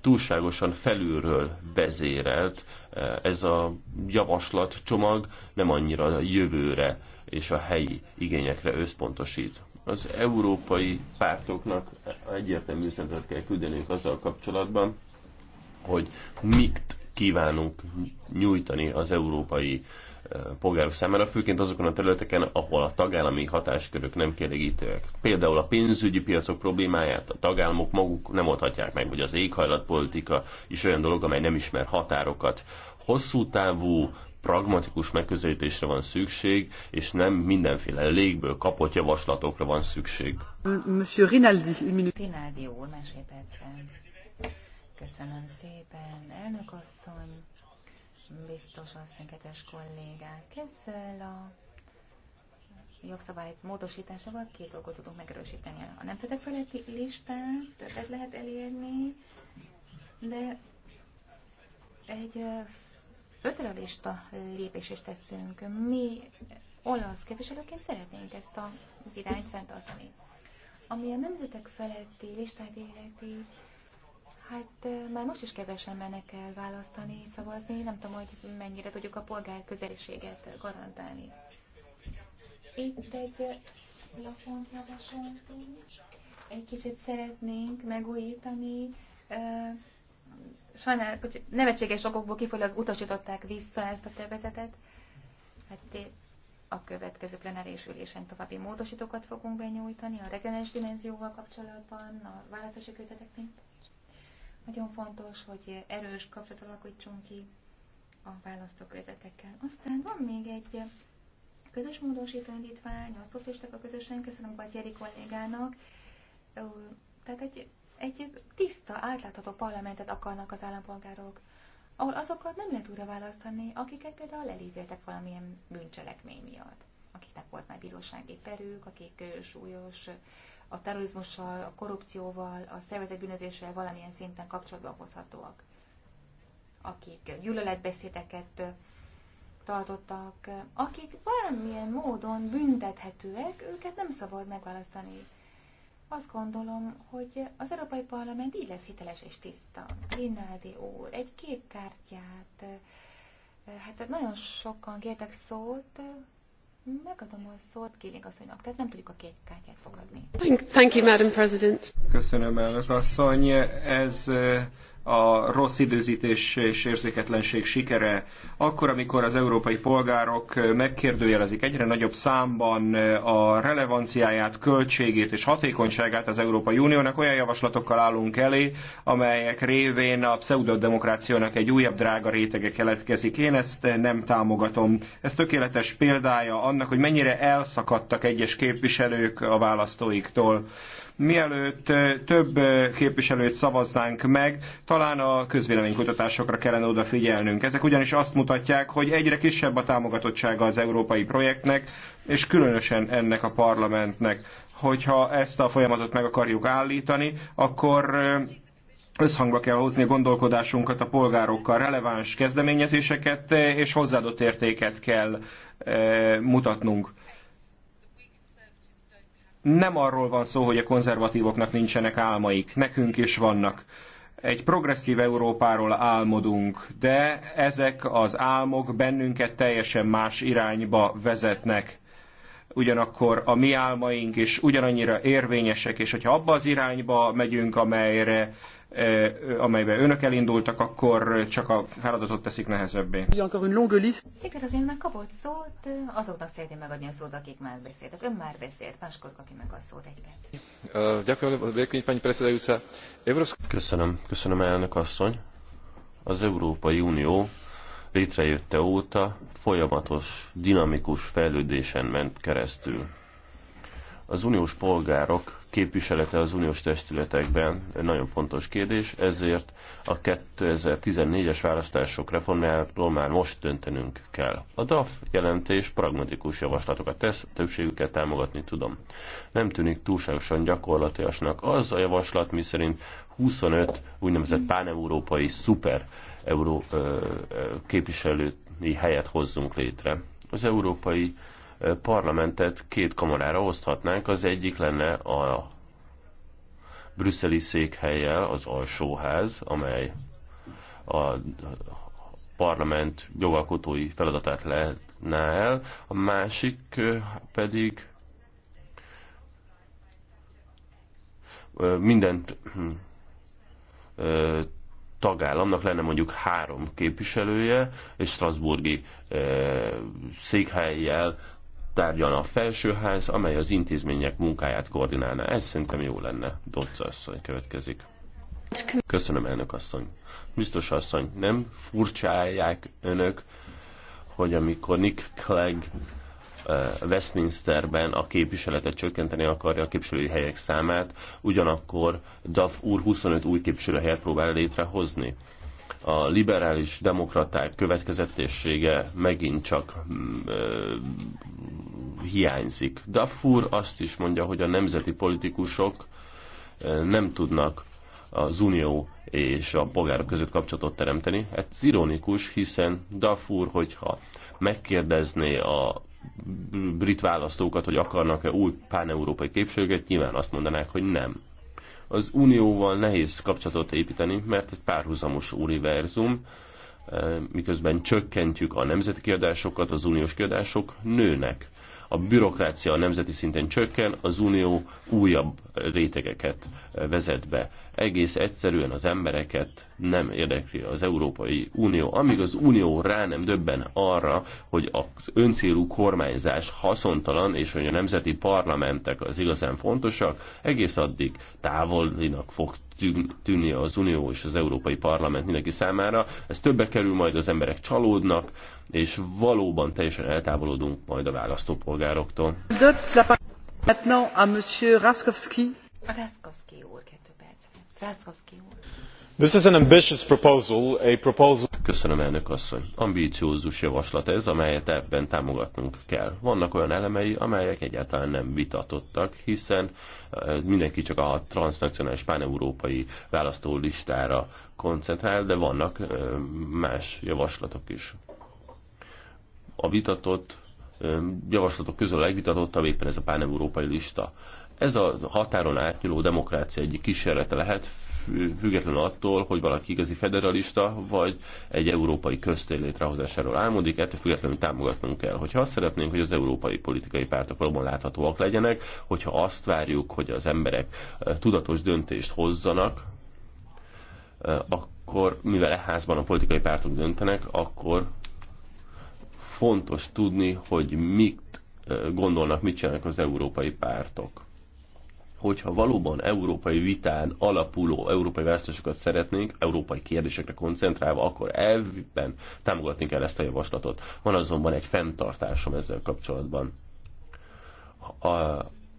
túlságosan felülről vezérelt eh, ez a javaslat csomag nem annyira a jövőre és a helyi igényekre összpontosít. Az európai pártoknak egyértelmű üzenetet kell küldeniük azzal kapcsolatban, hogy mit kívánunk nyújtani az európai eh, polgárok számára, főként azokon a területeken, ahol a tagállami hatáskörök nem kielégítőek. Például a pénzügyi piacok problémáját a tagállamok maguk nem oldhatják meg, vagy az éghajlatpolitika is olyan dolog, amely nem ismer határokat. Hosszú távú pragmatikus megközelítésre van szükség, és nem mindenféle légből kapott javaslatokra van szükség. Monsieur Rinaldi, Rinaldi úr, másfél percre. Köszönöm szépen, elnök asszony, biztos asszony, kedves kollégák. Ezzel a jogszabályt módosításával két dolgot tudunk megerősíteni. A nemzetek feletti listán többet lehet elérni, de egy föderalista lépés is teszünk. Mi olasz képviselőként szeretnénk ezt az irányt fenntartani. Ami a nemzetek feletti listát életi, Hát már most is kevesen mennek el választani, szavazni, nem tudom, hogy mennyire tudjuk a polgár közeliséget garantálni. Itt egy lapont javasoltunk, egy kicsit szeretnénk megújítani. Sajnálom, hogy nevetséges okokból kifolyólag utasították vissza ezt a tervezetet. Hát a következő plenáris ülésen további módosítókat fogunk benyújtani a regenerás dimenzióval kapcsolatban, a választási közveteknél. Nagyon fontos, hogy erős kapcsolat alakítson ki a választókörzetekkel. Aztán van még egy közös módosító indítvány, a a közösen, köszönöm Batyeri kollégának. Tehát egy, egy tiszta, átlátható parlamentet akarnak az állampolgárok, ahol azokat nem lehet újra választani, akiket például elítéltek valamilyen bűncselekmény miatt, akiknek volt már bírósági perük, akik súlyos a terrorizmussal, a korrupcióval, a szervezetbűnözéssel valamilyen szinten kapcsolatban hozhatóak. Akik gyűlöletbeszédeket tartottak, akik valamilyen módon büntethetőek, őket nem szabad megválasztani. Azt gondolom, hogy az Európai Parlament így lesz hiteles és tiszta. Rinaldi úr, egy kék kártyát, hát nagyon sokan kértek szót, Megadom a szót Kéving asszonynak, tehát nem tudjuk a kék kártyát fogadni. Thank, thank you, Madam President. Köszönöm, elnök asszony. Ez eh, a rossz időzítés és érzéketlenség sikere. Akkor, amikor az európai polgárok eh, megkérdőjelezik egyre nagyobb számban eh, a relevanciáját, költségét és hatékonyságát az Európai Uniónak, olyan javaslatokkal állunk elé, amelyek révén a pseudodemokrációnak egy újabb drága rétege keletkezik. Én ezt nem támogatom. Ez tökéletes példája annak, annak, hogy mennyire elszakadtak egyes képviselők a választóiktól. Mielőtt több képviselőt szavaznánk meg, talán a közvéleménykutatásokra kellene odafigyelnünk. Ezek ugyanis azt mutatják, hogy egyre kisebb a támogatottsága az európai projektnek, és különösen ennek a parlamentnek. Hogyha ezt a folyamatot meg akarjuk állítani, akkor összhangba kell hozni a gondolkodásunkat a polgárokkal, releváns kezdeményezéseket és hozzáadott értéket kell mutatnunk. Nem arról van szó, hogy a konzervatívoknak nincsenek álmaik, nekünk is vannak. Egy progresszív Európáról álmodunk, de ezek az álmok bennünket teljesen más irányba vezetnek ugyanakkor a mi álmaink is ugyanannyira érvényesek, és hogyha abba az irányba megyünk, amelyre Eh, amelybe önök elindultak, akkor csak a feladatot teszik nehezebbé. Szigret azért már kapott szót, eh, azoknak szeretném megadni a szót, akik már beszéltek. Ön már beszélt, máskor kapja meg a szót egy perc. Eh, köszönöm, köszönöm elnök asszony. Az Európai Unió létrejötte óta folyamatos, dinamikus fejlődésen ment keresztül. Az uniós polgárok képviselete az uniós testületekben nagyon fontos kérdés, ezért a 2014-es választások reformjáról már most döntenünk kell. A DAF jelentés pragmatikus javaslatokat tesz, többségüket támogatni tudom. Nem tűnik túlságosan gyakorlatilasnak az a javaslat, miszerint 25 úgynevezett páneurópai szuper euró, ö, képviselői helyet hozzunk létre. Az európai parlamentet két kamarára oszthatnánk, az egyik lenne a brüsszeli székhelyel az alsóház, amely a parlament jogalkotói feladatát lehetne el, a másik pedig minden tagállamnak lenne mondjuk három képviselője, és Strasburgi székhelyjel tárgyalna a felsőház, amely az intézmények munkáját koordinálna. Ez szerintem jó lenne. Docza asszony következik. Köszönöm, elnök asszony. Biztos asszony, nem furcsálják önök, hogy amikor Nick Clegg eh, Westminsterben a képviseletet csökkenteni akarja a képviselői helyek számát, ugyanakkor DAF úr 25 új képviselőhelyet próbál létrehozni a liberális demokraták következetessége megint csak mm, ö, hiányzik. Dafur azt is mondja, hogy a nemzeti politikusok nem tudnak az unió és a polgárok között kapcsolatot teremteni. Ez ironikus, hiszen Dafur, hogyha megkérdezné a brit választókat, hogy akarnak-e új páneurópai képviselőket, nyilván azt mondanák, hogy nem az Unióval nehéz kapcsolatot építeni, mert egy párhuzamos univerzum, miközben csökkentjük a nemzeti kiadásokat, az uniós kiadások nőnek a bürokrácia a nemzeti szinten csökken, az Unió újabb rétegeket vezet be. Egész egyszerűen az embereket nem érdekli az Európai Unió. Amíg az Unió rá nem döbben arra, hogy az öncélú kormányzás haszontalan, és hogy a nemzeti parlamentek az igazán fontosak, egész addig távolinak fog tűnni az Unió és az Európai Parlament mindenki számára. Ez többe kerül, majd az emberek csalódnak, és valóban teljesen eltávolodunk majd a választópolgároktól. This is an ambitious proposal, a proposal... Köszönöm, elnök asszony. Ambíciózus javaslat ez, amelyet ebben támogatnunk kell. Vannak olyan elemei, amelyek egyáltalán nem vitatottak, hiszen mindenki csak a transnacionális páneurópai választólistára koncentrál, de vannak más javaslatok is a vitatott javaslatok közül a legvitatottabb éppen ez a páneurópai lista. Ez a határon átnyúló demokrácia egyik kísérlete lehet, függetlenül attól, hogy valaki igazi federalista, vagy egy európai köztér létrehozásáról álmodik, ettől függetlenül támogatnunk kell. Hogyha azt szeretnénk, hogy az európai politikai pártok valóban láthatóak legyenek, hogyha azt várjuk, hogy az emberek tudatos döntést hozzanak, akkor mivel e házban a politikai pártok döntenek, akkor fontos tudni, hogy mit gondolnak, mit csinálnak az európai pártok. Hogyha valóban európai vitán alapuló európai választásokat szeretnénk, európai kérdésekre koncentrálva, akkor elvben támogatni kell ezt a javaslatot. Van azonban egy fenntartásom ezzel kapcsolatban. A,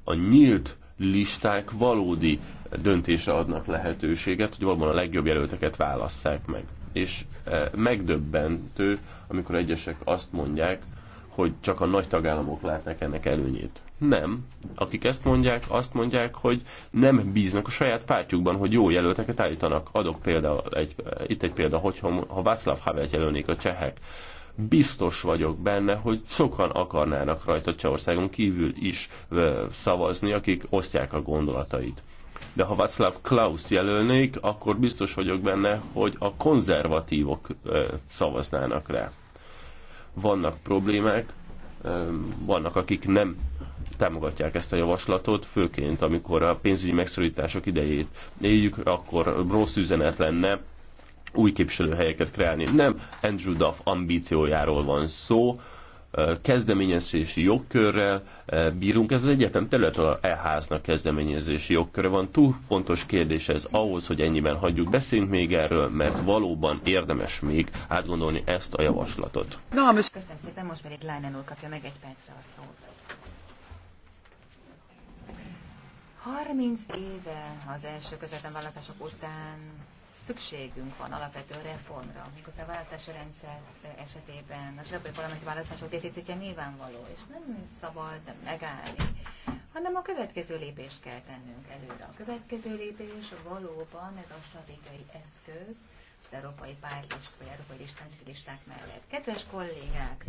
a nyílt listák valódi döntése adnak lehetőséget, hogy valóban a legjobb jelölteket válasszák meg és e, megdöbbentő, amikor egyesek azt mondják, hogy csak a nagy tagállamok látnak ennek előnyét. Nem. Akik ezt mondják, azt mondják, hogy nem bíznak a saját pártjukban, hogy jó jelölteket állítanak. Adok például egy, e, itt egy példa, hogyha ha Václav Havelt jelölnék a csehek, biztos vagyok benne, hogy sokan akarnának rajta Csehországon kívül is e, szavazni, akik osztják a gondolatait de ha Václav Klaus jelölnék, akkor biztos vagyok benne, hogy a konzervatívok szavaznának rá. Vannak problémák, vannak, akik nem támogatják ezt a javaslatot, főként amikor a pénzügyi megszorítások idejét éljük, akkor rossz üzenet lenne új képviselőhelyeket kreálni. Nem Andrew Duff ambíciójáról van szó, kezdeményezési jogkörrel bírunk. Ez az egyetem terület, ahol a e-háznak kezdeményezési jogköre van. Túl fontos kérdés ez ahhoz, hogy ennyiben hagyjuk. Beszéljünk még erről, mert valóban érdemes még átgondolni ezt a javaslatot. Na, no, most... Köszönöm szépen, most pedig Lányan úr kapja meg egy percre a szót. 30 éve az első közvetlen választások után szükségünk van alapvető reformra, méghozzá a választási rendszer esetében. a európai parlamenti választások deficitje nyilvánvaló, és nem szabad megállni, hanem a következő lépést kell tennünk előre. A következő lépés valóban ez a stratégiai eszköz az európai pártlist, vagy európai listán, listák mellett. Kedves kollégák,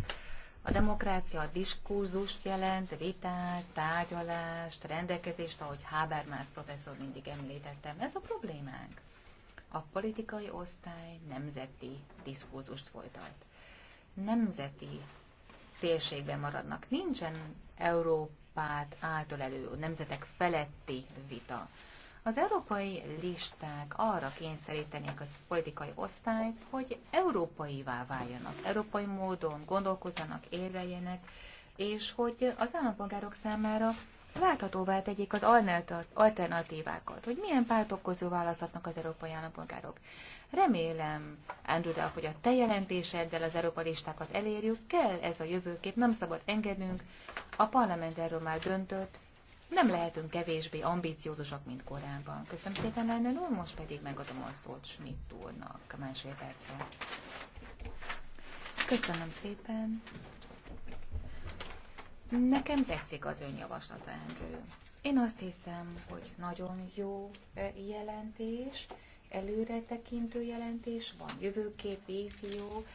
a demokrácia a diskurzust jelent, vitát, tárgyalást, rendelkezést, ahogy Habermas professzor mindig említettem. Ez a problémánk a politikai osztály nemzeti diszkózust folytat. Nemzeti térségben maradnak. Nincsen Európát átölelő, nemzetek feletti vita. Az európai listák arra kényszerítenék az politikai osztályt, hogy európaivá váljanak, európai módon gondolkozzanak, érveljenek, és hogy az állampolgárok számára láthatóvá tegyék az alternatívákat, hogy milyen pártok közül választhatnak az európai állampolgárok. Remélem, Andrew hogy a te jelentéseddel az európai listákat elérjük, kell ez a jövőkép, nem szabad engednünk, a parlament erről már döntött, nem lehetünk kevésbé ambíciózusak, mint korábban. Köszönöm szépen, Lennon úr, most pedig megadom a szót Schmidt úrnak másfél percre. Köszönöm szépen. Nekem tetszik az ön javaslata, Andrew. Én azt hiszem, hogy nagyon jó e, jelentés, előretekintő jelentés, van jövőkép, vízió,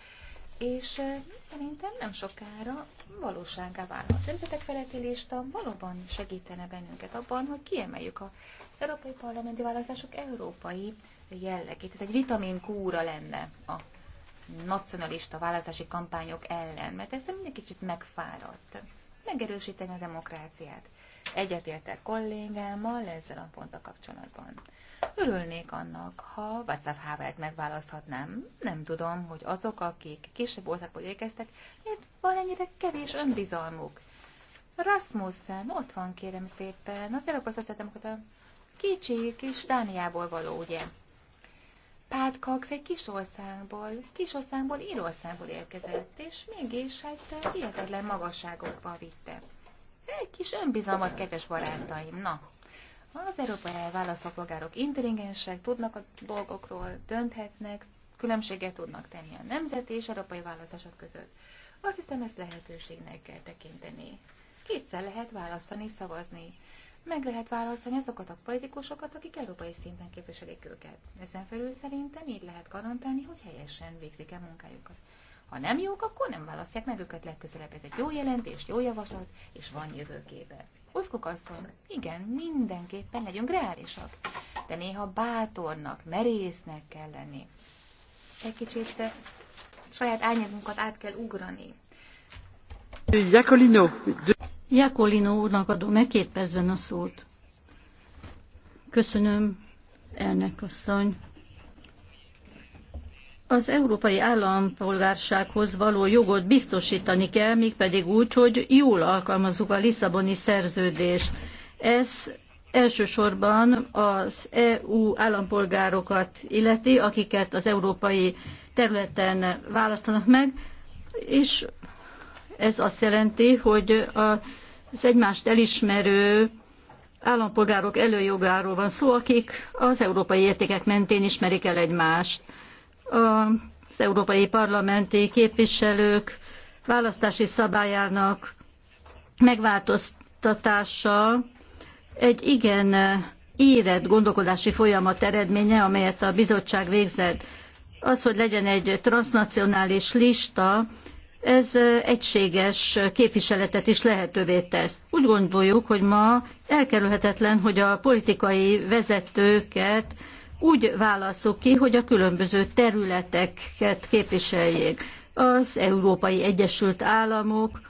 és e, szerintem nem sokára valóságá válna. A nemzetek feletti lista valóban segítene bennünket abban, hogy kiemeljük a európai parlamenti választások európai jellegét. Ez egy vitamin kúra lenne a nacionalista választási kampányok ellen, mert ez mindig kicsit megfáradt megerősíteni a demokráciát. Egyetértek kollégámmal ezzel a ponttal kapcsolatban. Örülnék annak, ha Václav Havelt megválaszthatnám. Nem tudom, hogy azok, akik kisebb országból érkeztek, miért van ennyire kevés önbizalmuk. Rasmussen, ott van kérem szépen, az Európai Szociáldemokrata kicsi kis Dániából való, ugye? Pát Cox egy kis országból, kis országból, Írországból érkezett, és mégis egy hihetetlen magasságokba vitte. Egy kis önbizalmat, kedves barátaim, na. Az európai válaszolgárok intelligensek, tudnak a dolgokról, dönthetnek, különbséget tudnak tenni a nemzeti és európai választások között. Azt hiszem, ezt lehetőségnek kell tekinteni. Kétszer lehet választani, szavazni meg lehet választani azokat a politikusokat, akik európai szinten képviselik őket. Ezen felül szerintem így lehet garantálni, hogy helyesen végzik el munkájukat. Ha nem jók, akkor nem választják meg őket legközelebb. Ez egy jó jelentés, jó javaslat, és van jövőképe. Oszkok asszony, igen, mindenképpen legyünk reálisak, de néha bátornak, merésznek kell lenni. Egy kicsit eh, saját árnyékunkat át kell ugrani. Jacolino. Jakolino úrnak adom meg két percben a szót. Köszönöm, elnök asszony. Az európai állampolgársághoz való jogot biztosítani kell, mégpedig úgy, hogy jól alkalmazzuk a Lisszaboni szerződést. Ez elsősorban az EU állampolgárokat illeti, akiket az európai területen választanak meg, és ez azt jelenti, hogy az egymást elismerő állampolgárok előjogáról van szó, akik az európai értékek mentén ismerik el egymást. Az európai parlamenti képviselők választási szabályának megváltoztatása egy igen érett gondolkodási folyamat eredménye, amelyet a bizottság végzett. Az, hogy legyen egy transnacionális lista, ez egységes képviseletet is lehetővé tesz. Úgy gondoljuk, hogy ma elkerülhetetlen, hogy a politikai vezetőket úgy válasszuk ki, hogy a különböző területeket képviseljék. Az Európai Egyesült Államok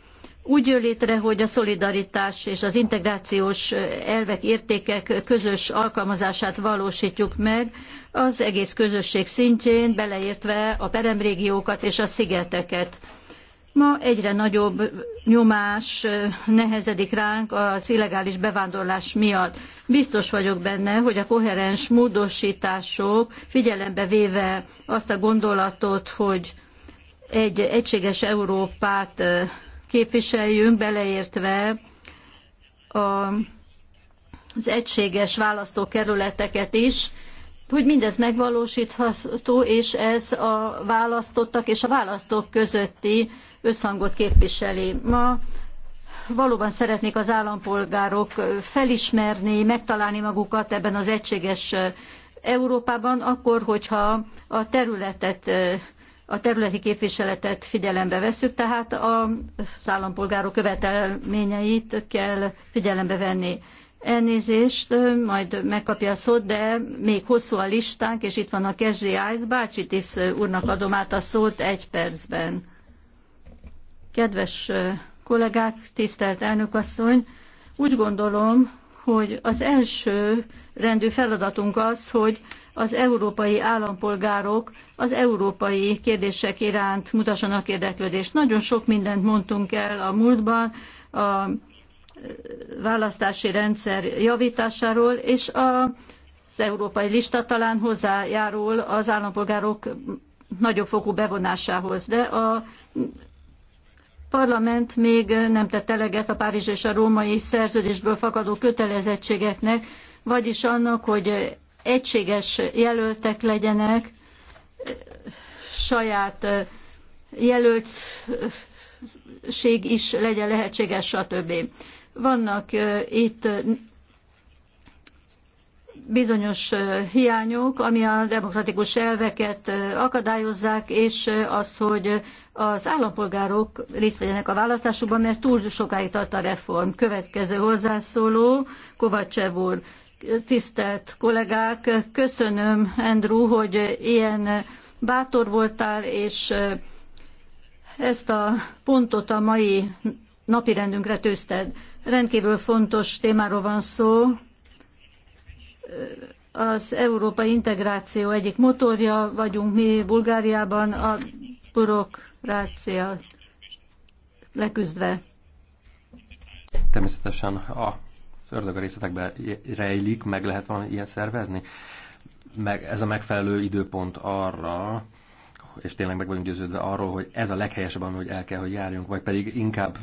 úgy jön létre, hogy a szolidaritás és az integrációs elvek, értékek közös alkalmazását valósítjuk meg az egész közösség szintjén, beleértve a peremrégiókat és a szigeteket. Ma egyre nagyobb nyomás nehezedik ránk az illegális bevándorlás miatt. Biztos vagyok benne, hogy a koherens módosítások figyelembe véve azt a gondolatot, hogy egy egységes Európát képviseljünk, beleértve az egységes választókerületeket is, hogy mindez megvalósítható, és ez a választottak és a választók közötti összhangot képviseli. Ma valóban szeretnék az állampolgárok felismerni, megtalálni magukat ebben az egységes Európában, akkor, hogyha a területet a területi képviseletet figyelembe vesszük, tehát az állampolgárok követelményeit kell figyelembe venni. Elnézést, majd megkapja a szót, de még hosszú a listánk, és itt van a Kezsi bácsit is úrnak adom át a szót egy percben. Kedves kollégák, tisztelt elnökasszony, úgy gondolom, hogy az első rendű feladatunk az, hogy az európai állampolgárok az európai kérdések iránt mutassanak érdeklődést. Nagyon sok mindent mondtunk el a múltban, a választási rendszer javításáról, és a, az európai lista talán hozzájárul az állampolgárok nagyobb fokú bevonásához, de a parlament még nem tett eleget a Párizs és a római szerződésből fakadó kötelezettségeknek, vagyis annak, hogy egységes jelöltek legyenek, saját jelöltség is legyen lehetséges, stb. Vannak itt bizonyos hiányok, ami a demokratikus elveket akadályozzák, és az, hogy az állampolgárok részt vegyenek a választásokban, mert túl sokáig tart a reform. Következő hozzászóló, Kovacsev úr. Tisztelt kollégák, köszönöm, Andrew, hogy ilyen bátor voltál, és ezt a pontot a mai napirendünkre tűzted. Rendkívül fontos témáról van szó. Az európai integráció egyik motorja vagyunk mi Bulgáriában, a bürokrácia leküzdve. Természetesen a ördög a részletekbe rejlik, meg lehet van ilyen szervezni. Meg ez a megfelelő időpont arra, és tényleg meg vagyunk győződve arról, hogy ez a leghelyesebb, hogy el kell, hogy járjunk, vagy pedig inkább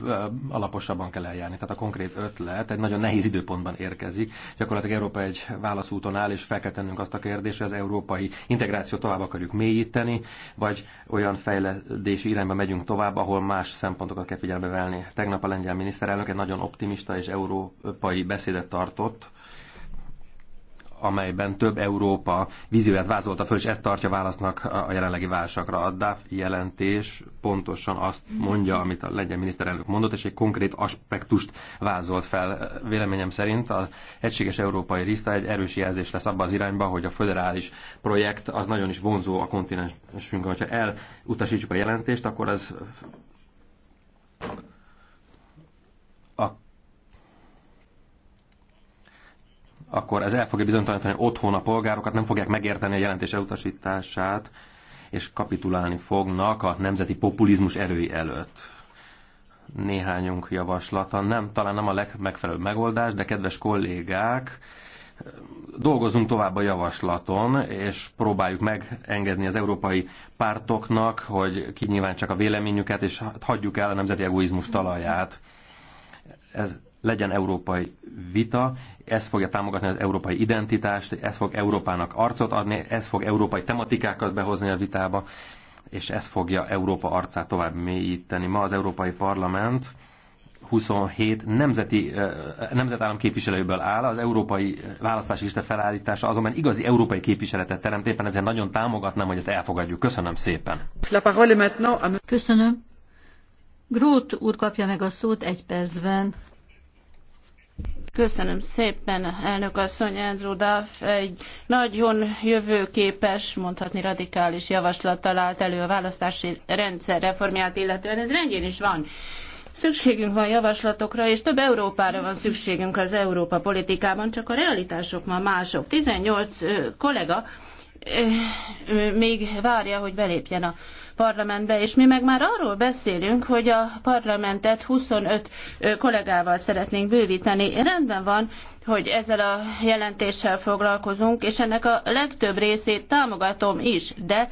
alaposabban kell eljárni. Tehát a konkrét ötlet egy nagyon nehéz időpontban érkezik. Gyakorlatilag Európa egy válaszúton áll, és fel kell tennünk azt a kérdést, hogy az európai integrációt tovább akarjuk mélyíteni, vagy olyan fejlődési irányba megyünk tovább, ahol más szempontokat kell figyelembe venni. Tegnap a lengyel miniszterelnök egy nagyon optimista és európai beszédet tartott, amelyben több Európa vízióját vázolta föl, és ezt tartja válasznak a jelenlegi válságra. A DAF jelentés pontosan azt mondja, amit a lengyel miniszterelnök mondott, és egy konkrét aspektust vázolt fel. Véleményem szerint az egységes európai lista egy erős jelzés lesz abban az irányba, hogy a föderális projekt az nagyon is vonzó a kontinensünkön. Ha elutasítjuk a jelentést, akkor az akkor ez el fogja bizonytalanítani, hogy otthon a polgárokat nem fogják megérteni a jelentés elutasítását, és kapitulálni fognak a nemzeti populizmus erői előtt néhányunk javaslata. Nem, talán nem a legmegfelelőbb megoldás, de kedves kollégák, dolgozunk tovább a javaslaton, és próbáljuk megengedni az európai pártoknak, hogy kinyilván csak a véleményüket, és hagyjuk el a nemzeti egoizmus talaját. Ez legyen európai vita, ez fogja támogatni az európai identitást, ez fog Európának arcot adni, ez fog európai tematikákat behozni a vitába, és ez fogja Európa arcát tovább mélyíteni. Ma az Európai Parlament 27 nemzeti, nemzetállam képviselőből áll, az európai választási lista felállítása azonban igazi európai képviseletet teremt, éppen ezért nagyon támogatnám, hogy ezt elfogadjuk. Köszönöm szépen. Köszönöm. Grót úr kapja meg a szót egy percben. Köszönöm szépen, elnök asszony, Andrew Duff egy nagyon jövőképes, mondhatni radikális javaslat talált elő a választási rendszer reformját illetően. Ez rendjén is van. Szükségünk van javaslatokra, és több Európára van szükségünk az Európa politikában, csak a realitások ma mások. 18 kollega még várja, hogy belépjen a parlamentbe, és mi meg már arról beszélünk, hogy a parlamentet 25 kollégával szeretnénk bővíteni. Rendben van, hogy ezzel a jelentéssel foglalkozunk, és ennek a legtöbb részét támogatom is, de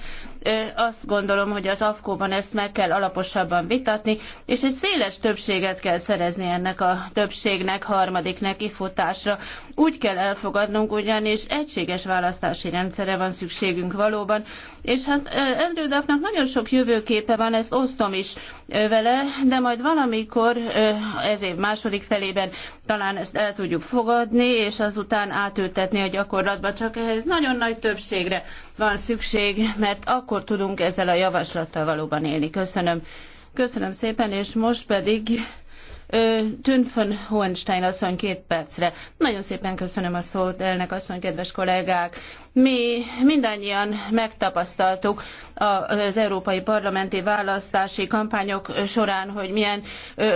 azt gondolom, hogy az AFKO-ban ezt meg kell alaposabban vitatni, és egy széles többséget kell szerezni ennek a többségnek harmadik nekifutásra. Úgy kell elfogadnunk, ugyanis egységes választási rendszere van szükségünk valóban, és hát Andrew Duffnak nagyon sok jövőképe van, ezt osztom is vele, de majd valamikor ez év második felében talán ezt el tudjuk fogadni, és azután átültetni a gyakorlatba, csak ehhez nagyon nagy többségre van szükség, mert akkor tudunk ezzel a javaslattal valóban élni. Köszönöm. Köszönöm szépen, és most pedig Tűnt von Hohenstein asszony két percre. Nagyon szépen köszönöm a szót, elnök asszony, kedves kollégák. Mi mindannyian megtapasztaltuk az európai parlamenti választási kampányok során, hogy milyen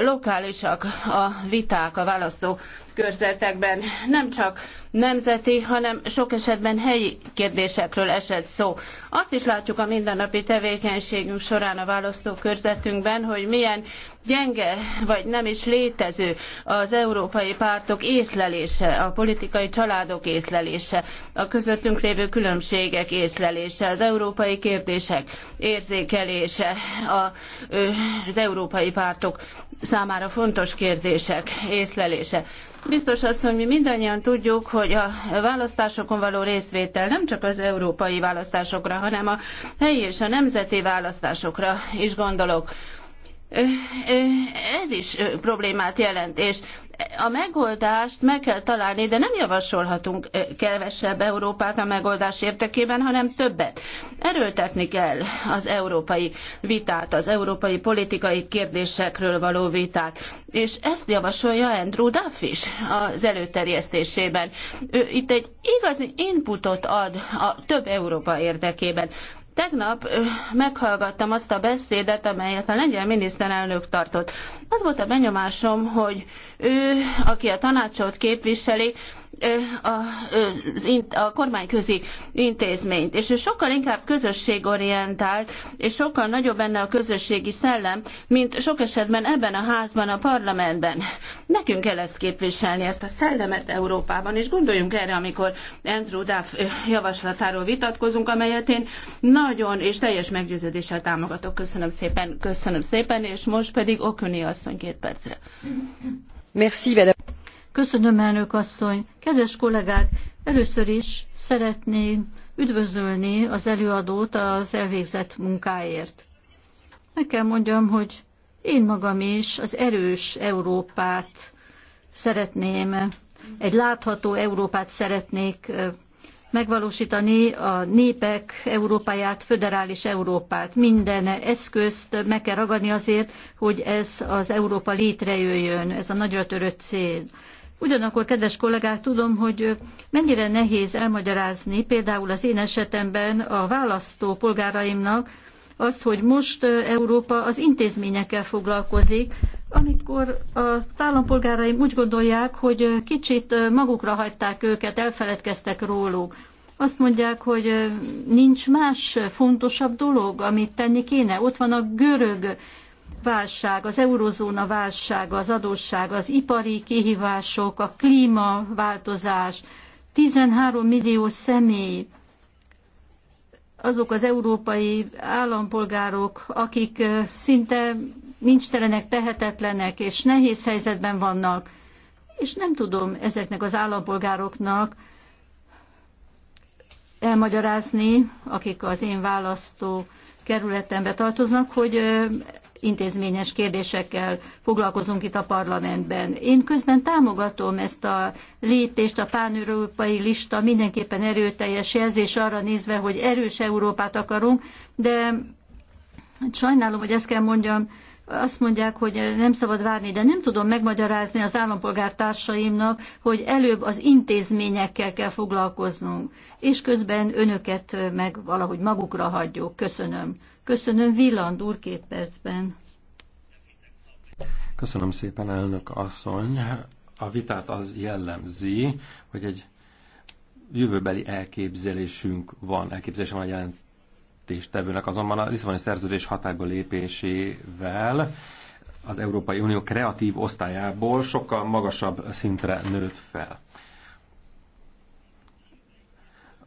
lokálisak a viták a választók körzetekben. Nem csak nemzeti, hanem sok esetben helyi kérdésekről esett szó. Azt is látjuk a mindennapi tevékenységünk során a választókörzetünkben, hogy milyen gyenge vagy nem is létező az európai pártok észlelése, a politikai családok észlelése, a közöttünk lévő különbségek észlelése, az európai kérdések érzékelése, a, az európai pártok számára fontos kérdések észlelése. Biztos az, hogy mi mindannyian tudjuk, hogy a választásokon való részvétel nem csak az európai választásokra, hanem a helyi és a nemzeti választásokra is gondolok ez is problémát jelent, és a megoldást meg kell találni, de nem javasolhatunk kevesebb Európát a megoldás érdekében, hanem többet. Erőltetni kell az európai vitát, az európai politikai kérdésekről való vitát. És ezt javasolja Andrew Duff is az előterjesztésében. Ő itt egy igazi inputot ad a több Európa érdekében. Tegnap meghallgattam azt a beszédet, amelyet a lengyel miniszterelnök tartott. Az volt a benyomásom, hogy ő, aki a tanácsot képviseli, a, a kormányközi intézményt, és ő sokkal inkább közösségorientált, és sokkal nagyobb benne a közösségi szellem, mint sok esetben ebben a házban, a parlamentben. Nekünk kell ezt képviselni, ezt a szellemet Európában, és gondoljunk erre, amikor Andrew Duff javaslatáról vitatkozunk, amelyet én nagyon és teljes meggyőződéssel támogatok. Köszönöm szépen, köszönöm szépen, és most pedig Okuni asszony két percre. Merci, madame. Köszönöm, elnök asszony. Kedves kollégák, először is szeretném üdvözölni az előadót az elvégzett munkáért. Meg kell mondjam, hogy én magam is az erős Európát szeretném, egy látható Európát szeretnék megvalósítani a népek Európáját, föderális Európát. Minden eszközt meg kell ragadni azért, hogy ez az Európa létrejöjjön, ez a nagyra törött cél. Ugyanakkor, kedves kollégák, tudom, hogy mennyire nehéz elmagyarázni például az én esetemben a választó polgáraimnak azt, hogy most Európa az intézményekkel foglalkozik, amikor a állampolgáraim úgy gondolják, hogy kicsit magukra hagyták őket, elfeledkeztek róluk. Azt mondják, hogy nincs más fontosabb dolog, amit tenni kéne. Ott van a görög válság, az eurozóna válsága, az adósság, az ipari kihívások, a klímaváltozás, 13 millió személy, azok az európai állampolgárok, akik szinte nincstelenek, tehetetlenek és nehéz helyzetben vannak, és nem tudom ezeknek az állampolgároknak elmagyarázni, akik az én választó kerületembe tartoznak, hogy intézményes kérdésekkel foglalkozunk itt a parlamentben. Én közben támogatom ezt a lépést, a páneurópai lista mindenképpen erőteljes jelzés arra nézve, hogy erős Európát akarunk, de sajnálom, hogy ezt kell mondjam, azt mondják, hogy nem szabad várni, de nem tudom megmagyarázni az állampolgártársaimnak, hogy előbb az intézményekkel kell foglalkoznunk, és közben önöket meg valahogy magukra hagyjuk. Köszönöm. Köszönöm, Villand úr, két percben. Köszönöm szépen, elnök asszony. A vitát az jellemzi, hogy egy jövőbeli elképzelésünk van, elképzelésem van a jelent jelentéstevőnek azonban a Lisszaboni szerződés hatályba lépésével az Európai Unió kreatív osztályából sokkal magasabb szintre nőtt fel.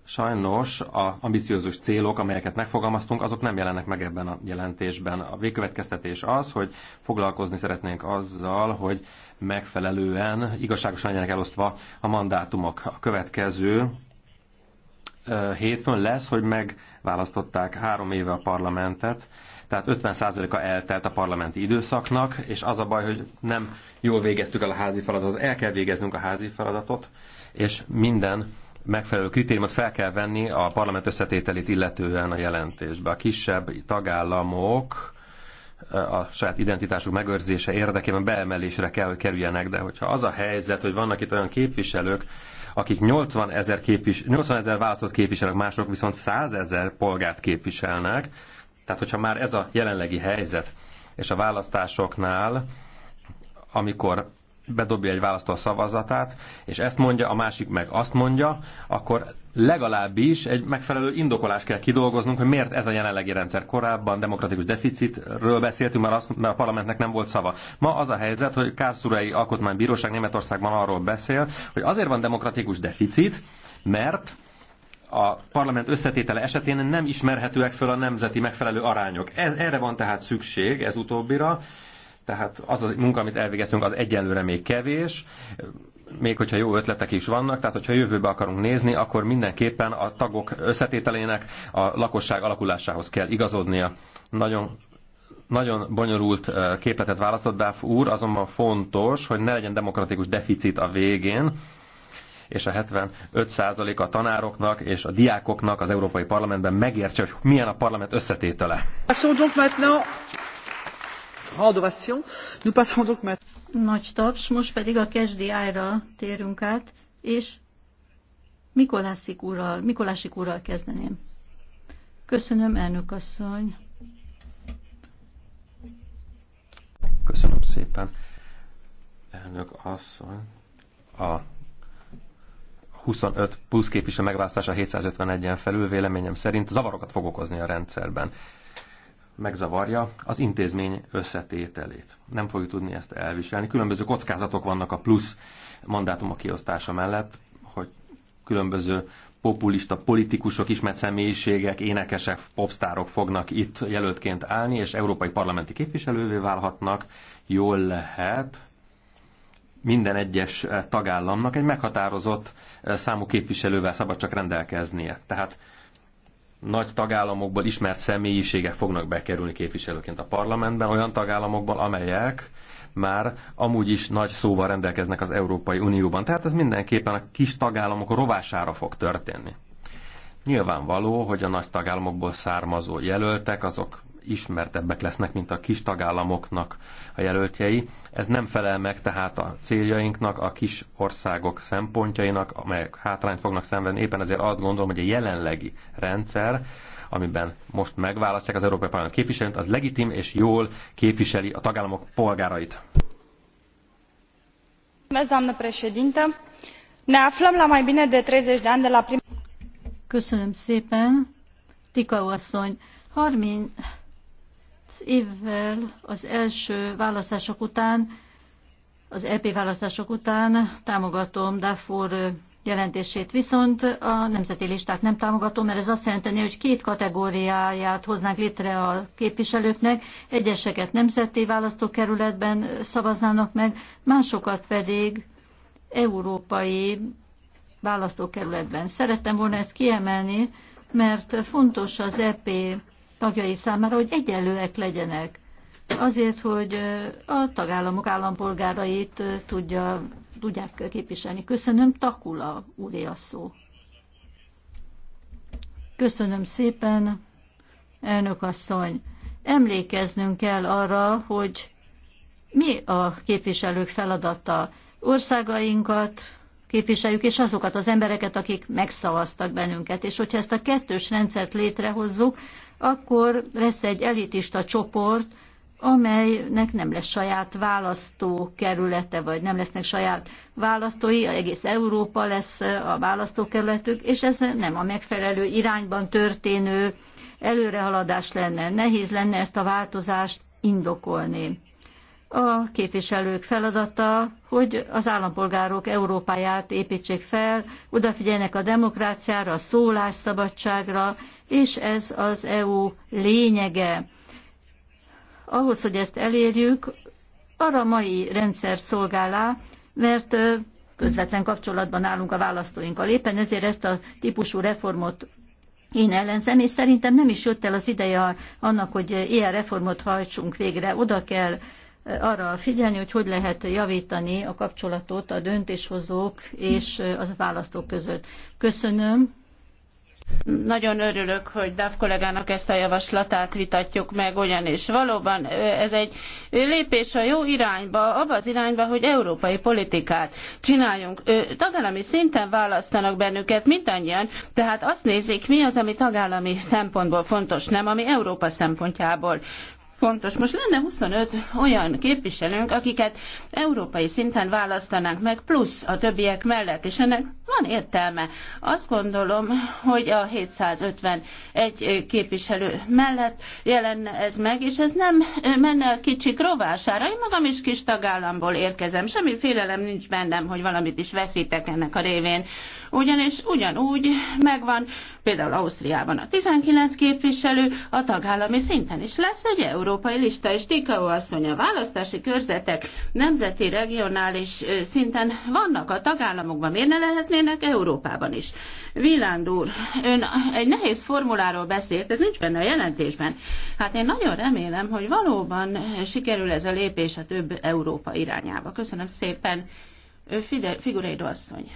Sajnos a ambiciózus célok, amelyeket megfogalmaztunk, azok nem jelennek meg ebben a jelentésben. A végkövetkeztetés az, hogy foglalkozni szeretnénk azzal, hogy megfelelően, igazságosan legyenek elosztva a mandátumok. A következő Eh, hétfőn lesz, hogy megválasztották három éve a parlamentet, tehát 50%-a eltelt a parlamenti időszaknak, és az a baj, hogy nem jól végeztük el a házi feladatot, el kell végeznünk a házi feladatot, és minden megfelelő kritériumot fel kell venni a parlament összetételét illetően a jelentésbe. A kisebb tagállamok eh, a saját identitásuk megőrzése érdekében beemelésre kell, hogy kerüljenek, de hogyha az a helyzet, hogy vannak itt olyan képviselők, akik 80 ezer, képvis, 80 ezer választott képviselnek, mások viszont 100 ezer polgárt képviselnek. Tehát, hogyha már ez a jelenlegi helyzet, és a választásoknál, amikor bedobja egy választó a szavazatát, és ezt mondja, a másik meg azt mondja, akkor legalábbis egy megfelelő indokolást kell kidolgoznunk, hogy miért ez a jelenlegi rendszer. Korábban demokratikus deficitről beszéltünk, mert, azt, mert a parlamentnek nem volt szava. Ma az a helyzet, hogy Kárszurai Alkotmánybíróság Németországban arról beszél, hogy azért van demokratikus deficit, mert a parlament összetétele esetén nem ismerhetőek föl a nemzeti megfelelő arányok. Ez, erre van tehát szükség, ez utóbbira, tehát az a munka, amit elvégeztünk, az egyenlőre még kevés, még hogyha jó ötletek is vannak, tehát hogyha jövőbe akarunk nézni, akkor mindenképpen a tagok összetételének a lakosság alakulásához kell igazodnia. Nagyon nagyon bonyolult képletet választott Dáv úr, azonban fontos, hogy ne legyen demokratikus deficit a végén, és a 75% a tanároknak és a diákoknak az Európai Parlamentben megértse, hogy milyen a parlament összetétele grande Nous passons donc maintenant. Nagy taps, most pedig a ksdi térünk át, és Mikolászik úrral, Mikolásik úrral kezdeném. Köszönöm, elnök asszony. Köszönöm szépen, elnök asszony. A 25 plusz képviselő megválasztása 751-en felül véleményem szerint zavarokat fog okozni a rendszerben megzavarja az intézmény összetételét. Nem fogjuk tudni ezt elviselni. Különböző kockázatok vannak a plusz mandátumok kiosztása mellett, hogy különböző populista politikusok, ismert személyiségek, énekesek, popstárok fognak itt jelöltként állni, és európai parlamenti képviselővé válhatnak. Jól lehet, minden egyes tagállamnak egy meghatározott számú képviselővel szabad csak rendelkeznie. Tehát nagy tagállamokból ismert személyiségek fognak bekerülni képviselőként a parlamentben, olyan tagállamokból, amelyek már amúgy is nagy szóval rendelkeznek az Európai Unióban. Tehát ez mindenképpen a kis tagállamok rovására fog történni. Nyilvánvaló, hogy a nagy tagállamokból származó jelöltek, azok ismertebbek lesznek, mint a kis tagállamoknak a jelöltjei. Ez nem felel meg tehát a céljainknak, a kis országok szempontjainak, amelyek hátrányt fognak szenvedni. Éppen ezért azt gondolom, hogy a jelenlegi rendszer, amiben most megválasztják az Európai Parlament képviselőt, az legitim és jól képviseli a tagállamok polgárait. Ne la mai bine de prima... Köszönöm szépen. Tika asszony, 30 évvel az első választások után, az EP választások után támogatom Dafur jelentését, viszont a nemzeti listát nem támogatom, mert ez azt jelenteni, hogy két kategóriáját hoznánk létre a képviselőknek, egyeseket nemzeti választókerületben szavaznának meg, másokat pedig európai választókerületben. Szerettem volna ezt kiemelni, mert fontos az EP tagjai számára, hogy egyenlőek legyenek. Azért, hogy a tagállamok állampolgárait tudja, tudják képviselni. Köszönöm, Takula úré a szó. Köszönöm szépen, elnök asszony. Emlékeznünk kell arra, hogy mi a képviselők feladata. Országainkat képviseljük, és azokat az embereket, akik megszavaztak bennünket. És hogyha ezt a kettős rendszert létrehozzuk, akkor lesz egy elitista csoport, amelynek nem lesz saját választó kerülete, vagy nem lesznek saját választói, egész Európa lesz a választókerületük, és ez nem a megfelelő irányban történő előrehaladás lenne. Nehéz lenne ezt a változást indokolni. A képviselők feladata, hogy az állampolgárok Európáját építsék fel, odafigyeljenek a demokráciára, a szólásszabadságra, és ez az EU lényege. Ahhoz, hogy ezt elérjük, arra a mai rendszer szolgálá, mert közvetlen kapcsolatban állunk a választóinkkal. Éppen ezért ezt a típusú reformot én ellenzem, és szerintem nem is jött el az ideje annak, hogy ilyen reformot hajtsunk végre. Oda kell arra figyelni, hogy hogy lehet javítani a kapcsolatot a döntéshozók és a választók között. Köszönöm. Nagyon örülök, hogy DAF kollégának ezt a javaslatát vitatjuk meg, ugyanis valóban ez egy lépés a jó irányba, abba az irányba, hogy európai politikát csináljunk. Tagállami szinten választanak bennünket mindannyian, tehát azt nézik, mi az, ami tagállami szempontból fontos, nem ami Európa szempontjából fontos. Most lenne 25 olyan képviselőnk, akiket európai szinten választanánk meg, plusz a többiek mellett, és ennek van értelme. Azt gondolom, hogy a 751 képviselő mellett jelenne ez meg, és ez nem menne a kicsik rovására. Én magam is kis tagállamból érkezem, semmi félelem nincs bennem, hogy valamit is veszítek ennek a révén. Ugyanis ugyanúgy megvan, például Ausztriában a 19 képviselő, a tagállami szinten is lesz egy euró európai lista, és Tikau asszony, a választási körzetek nemzeti, regionális szinten vannak a tagállamokban, miért ne lehetnének Európában is? Viland úr, ön egy nehéz formuláról beszélt, ez nincs benne a jelentésben. Hát én nagyon remélem, hogy valóban sikerül ez a lépés a több Európa irányába. Köszönöm szépen, Figuréd asszony.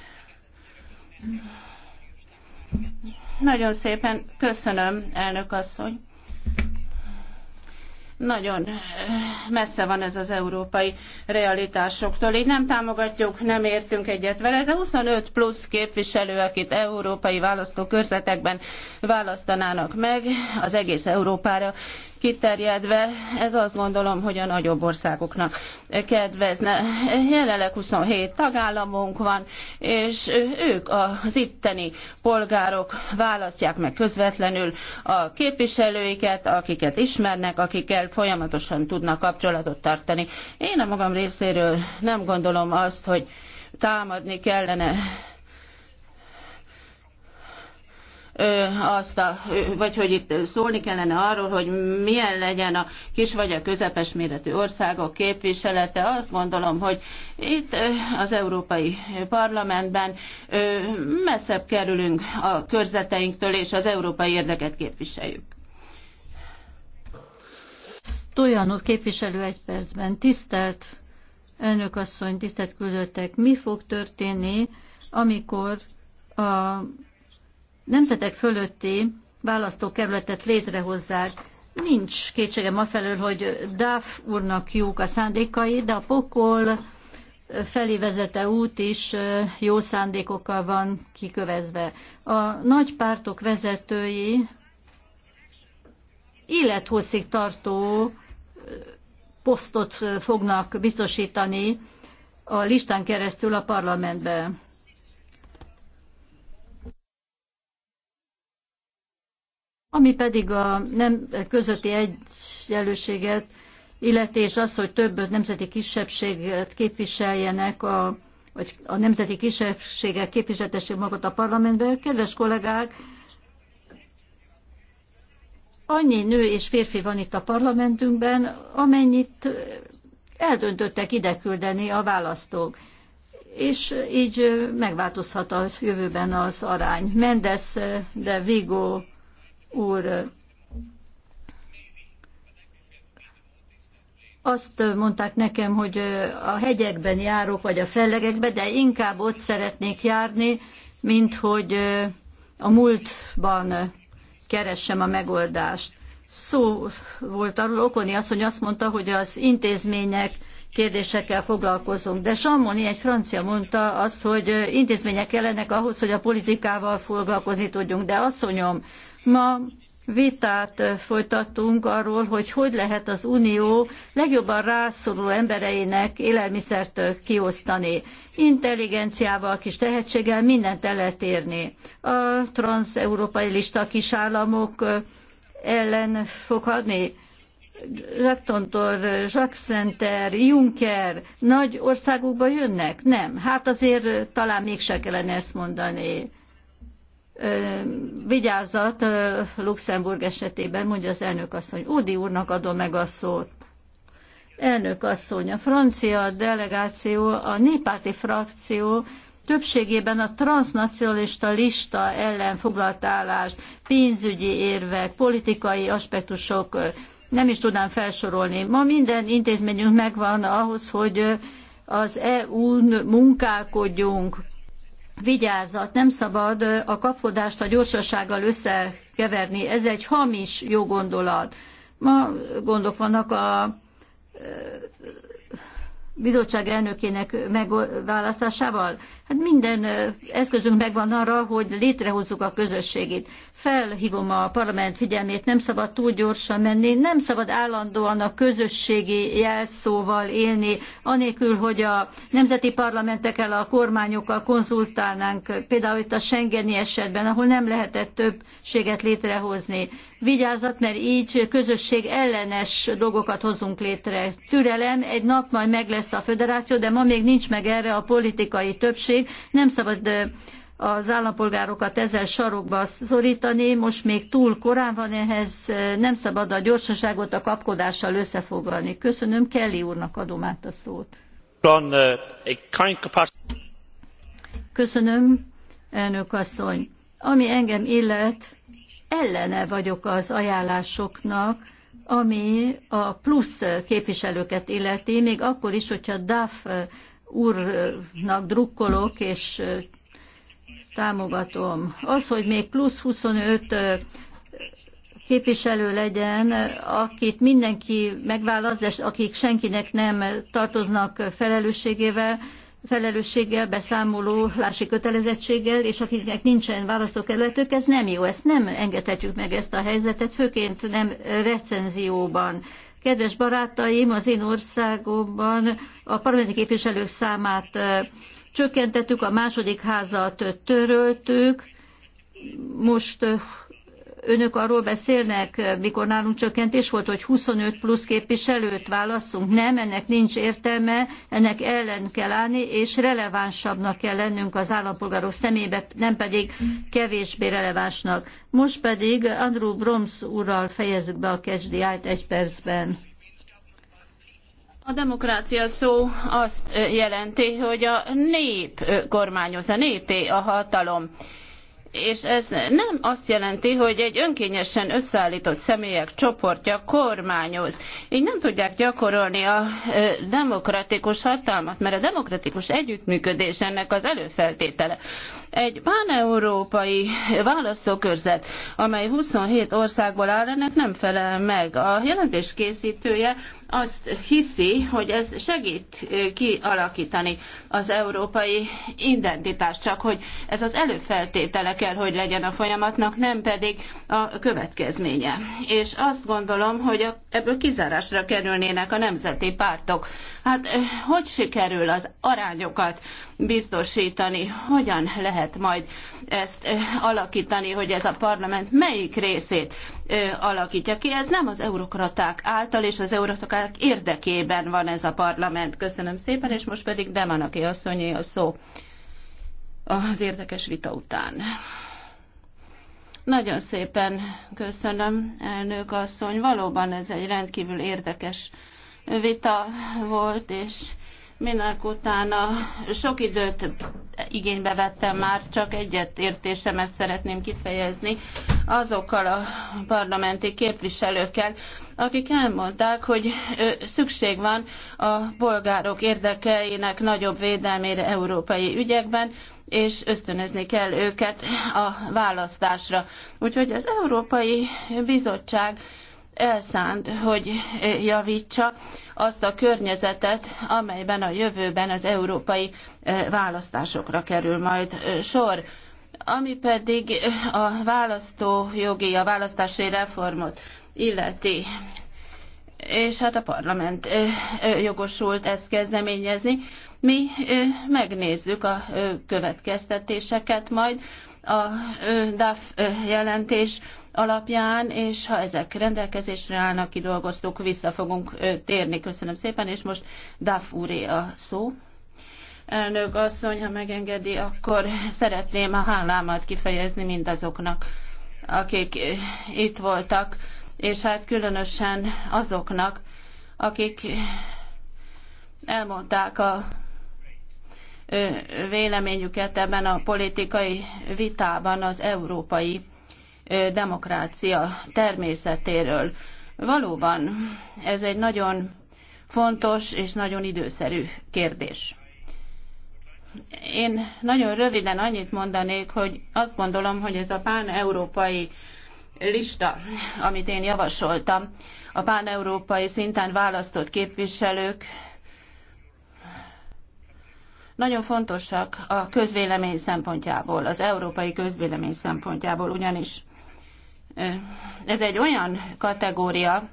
Nagyon szépen köszönöm, elnök asszony nagyon messze van ez az európai realitásoktól. Így nem támogatjuk, nem értünk egyet vele. Ez a 25 plusz képviselő, akit európai választókörzetekben választanának meg, az egész Európára kiterjedve, ez azt gondolom, hogy a nagyobb országoknak kedvezne. Jelenleg 27 tagállamunk van, és ők az itteni polgárok választják meg közvetlenül a képviselőiket, akiket ismernek, akikkel folyamatosan tudnak kapcsolatot tartani. Én a magam részéről nem gondolom azt, hogy támadni kellene azt a, vagy hogy itt szólni kellene arról, hogy milyen legyen a kis vagy a közepes méretű országok képviselete. Azt gondolom, hogy itt az Európai Parlamentben messzebb kerülünk a körzeteinktől, és az európai érdeket képviseljük. Stojanov képviselő egy percben. Tisztelt elnök asszony, tisztelt küldöttek, mi fog történni, amikor a nemzetek fölötti választókerületet létrehozzák. Nincs kétségem afelől, hogy Duff úrnak jók a szándékai, de a pokol felé vezete út is jó szándékokkal van kikövezve. A nagy pártok vezetői élethosszig tartó posztot fognak biztosítani a listán keresztül a parlamentbe. Ami pedig a nem közötti egyenlőséget illeti, és az, hogy több nemzeti kisebbséget képviseljenek a vagy a nemzeti kisebbségek képviseltessék magukat a parlamentben. Kedves kollégák, annyi nő és férfi van itt a parlamentünkben, amennyit eldöntöttek ide küldeni a választók. És így megváltozhat a jövőben az arány. Mendes de Vigo úr azt mondták nekem, hogy a hegyekben járok, vagy a fellegekben, de inkább ott szeretnék járni, mint hogy a múltban keressem a megoldást. Szó volt arról, Okoni hogy azt mondta, hogy az intézmények kérdésekkel foglalkozunk. De Sammoni, egy francia mondta azt, hogy intézmények kellenek ahhoz, hogy a politikával foglalkozni tudjunk. De asszonyom, Ma vitát folytattunk arról, hogy hogy lehet az Unió legjobban rászoruló embereinek élelmiszert kiosztani. Intelligenciával, kis tehetséggel mindent el lehet érni. A transeurópai lista kisállamok ellen fog hadni. Jacques Tontor, Jacques Center, Juncker nagy országokba jönnek? Nem. Hát azért talán mégse kellene ezt mondani vigyázat Luxemburg esetében, mondja az elnök asszony. Údi úrnak adom meg a szót. Elnök asszony, a francia delegáció, a néppárti frakció többségében a transnacionalista lista ellen foglalt állást, pénzügyi érvek, politikai aspektusok, nem is tudnám felsorolni. Ma minden intézményünk megvan ahhoz, hogy az EU-n munkálkodjunk, vigyázat, nem szabad a kapkodást a gyorsasággal összekeverni. Ez egy hamis jó gondolat. Ma gondok vannak a bizottság elnökének megválasztásával? Hát minden eszközünk megvan arra, hogy létrehozzuk a közösségét. Felhívom a parlament figyelmét, nem szabad túl gyorsan menni, nem szabad állandóan a közösségi jelszóval élni, anélkül, hogy a nemzeti parlamentekkel, a kormányokkal konzultálnánk, például itt a Schengeni esetben, ahol nem lehetett többséget létrehozni. Vigyázat, mert így közösség ellenes dolgokat hozunk létre. Türelem, egy nap majd meg lesz a föderáció, de ma még nincs meg erre a politikai többség. Nem szabad az állampolgárokat ezzel sarokba szorítani, most még túl korán van ehhez, nem szabad a gyorsaságot a kapkodással összefoglalni. Köszönöm, Kelly úrnak adom át a szót. Uh, Köszönöm, elnök asszony. Ami engem illet, ellene vagyok az ajánlásoknak, ami a plusz képviselőket illeti, még akkor is, hogyha DAF uh, úrnak drukkolok, és uh, támogatom. Az, hogy még plusz 25 képviselő legyen, akit mindenki megválaszt, és akik senkinek nem tartoznak felelősségével, felelősséggel, lási kötelezettséggel, és akiknek nincsen választókerületük, ez nem jó, ezt nem engedhetjük meg ezt a helyzetet, főként nem recenzióban. Kedves barátaim, az én országomban a parlamenti képviselők számát csökkentettük, a második házat töröltük, most önök arról beszélnek, mikor nálunk csökkentés volt, hogy 25 plusz képviselőt válaszunk. Nem, ennek nincs értelme, ennek ellen kell állni, és relevánsabbnak kell lennünk az állampolgárok szemébe, nem pedig kevésbé relevánsnak. Most pedig Andrew Broms úrral fejezzük be a kezdi egy percben. A demokrácia szó azt jelenti, hogy a nép kormányoz, a népé a hatalom. És ez nem azt jelenti, hogy egy önkényesen összeállított személyek csoportja kormányoz. Így nem tudják gyakorolni a demokratikus hatalmat, mert a demokratikus együttműködés ennek az előfeltétele. Egy páneurópai választókörzet, amely 27 országból áll, ennek nem felel meg. A jelentés készítője azt hiszi, hogy ez segít eh, kialakítani az európai identitást, csak hogy ez az előfeltétele kell, hogy legyen a folyamatnak, nem pedig a következménye. És azt gondolom, hogy ebből kizárásra kerülnének a nemzeti pártok. Hát eh, hogy sikerül az arányokat biztosítani, hogyan lehet majd ezt eh, alakítani, hogy ez a parlament melyik részét alakítja ki. Ez nem az eurokraták által és az eurokraták érdekében van ez a parlament. Köszönöm szépen, és most pedig Demanaki asszonyé a szó az érdekes vita után. Nagyon szépen köszönöm, elnök asszony. Valóban ez egy rendkívül érdekes vita volt, és Minek utána sok időt igénybe vettem már, csak egyet értésemet szeretném kifejezni azokkal a parlamenti képviselőkkel, akik elmondták, hogy szükség van a bolgárok érdekeinek nagyobb védelmére európai ügyekben, és ösztönözni kell őket a választásra. Úgyhogy az Európai Bizottság elszánt, hogy javítsa azt a környezetet, amelyben a jövőben az európai választásokra kerül majd sor. Ami pedig a választójogi, a választási reformot illeti, és hát a parlament jogosult ezt kezdeményezni. Mi megnézzük a következtetéseket majd, a DAF jelentés alapján, és ha ezek rendelkezésre állnak, kidolgoztuk, vissza fogunk térni. Köszönöm szépen, és most Duff úré a szó. Elnök asszony, ha megengedi, akkor szeretném a hálámat kifejezni mindazoknak, akik itt voltak, és hát különösen azoknak, akik elmondták a véleményüket ebben a politikai vitában az európai demokrácia természetéről. Valóban ez egy nagyon fontos és nagyon időszerű kérdés. Én nagyon röviden annyit mondanék, hogy azt gondolom, hogy ez a pán-európai lista, amit én javasoltam, a pán-európai szinten választott képviselők nagyon fontosak a közvélemény szempontjából, az európai közvélemény szempontjából ugyanis ez egy olyan kategória,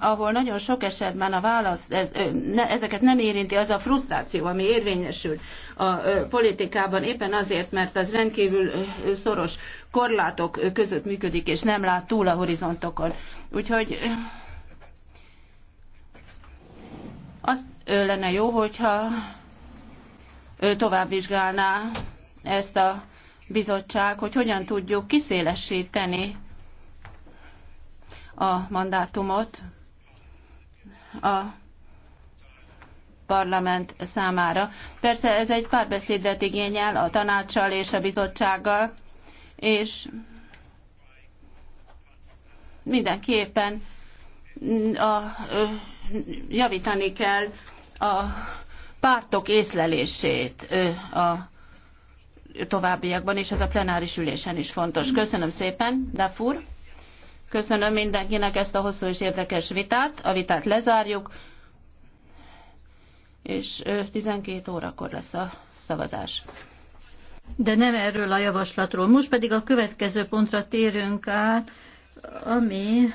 ahol nagyon sok esetben a válasz, ez, ne, ezeket nem érinti az a frusztráció, ami érvényesül a politikában, éppen azért, mert az rendkívül szoros korlátok között működik, és nem lát túl a horizontokon. Úgyhogy azt lenne jó, hogyha továbbvizsgálná ezt a bizottság, hogy hogyan tudjuk kiszélesíteni a mandátumot a parlament számára. Persze ez egy párbeszédet igényel a tanácssal és a bizottsággal, és mindenképpen a, javítani kell a pártok észlelését a továbbiakban, és ez a plenáris ülésen is fontos. Köszönöm szépen, Dafur. Köszönöm mindenkinek ezt a hosszú és érdekes vitát. A vitát lezárjuk, és 12 órakor lesz a szavazás. De nem erről a javaslatról. Most pedig a következő pontra térünk át, ami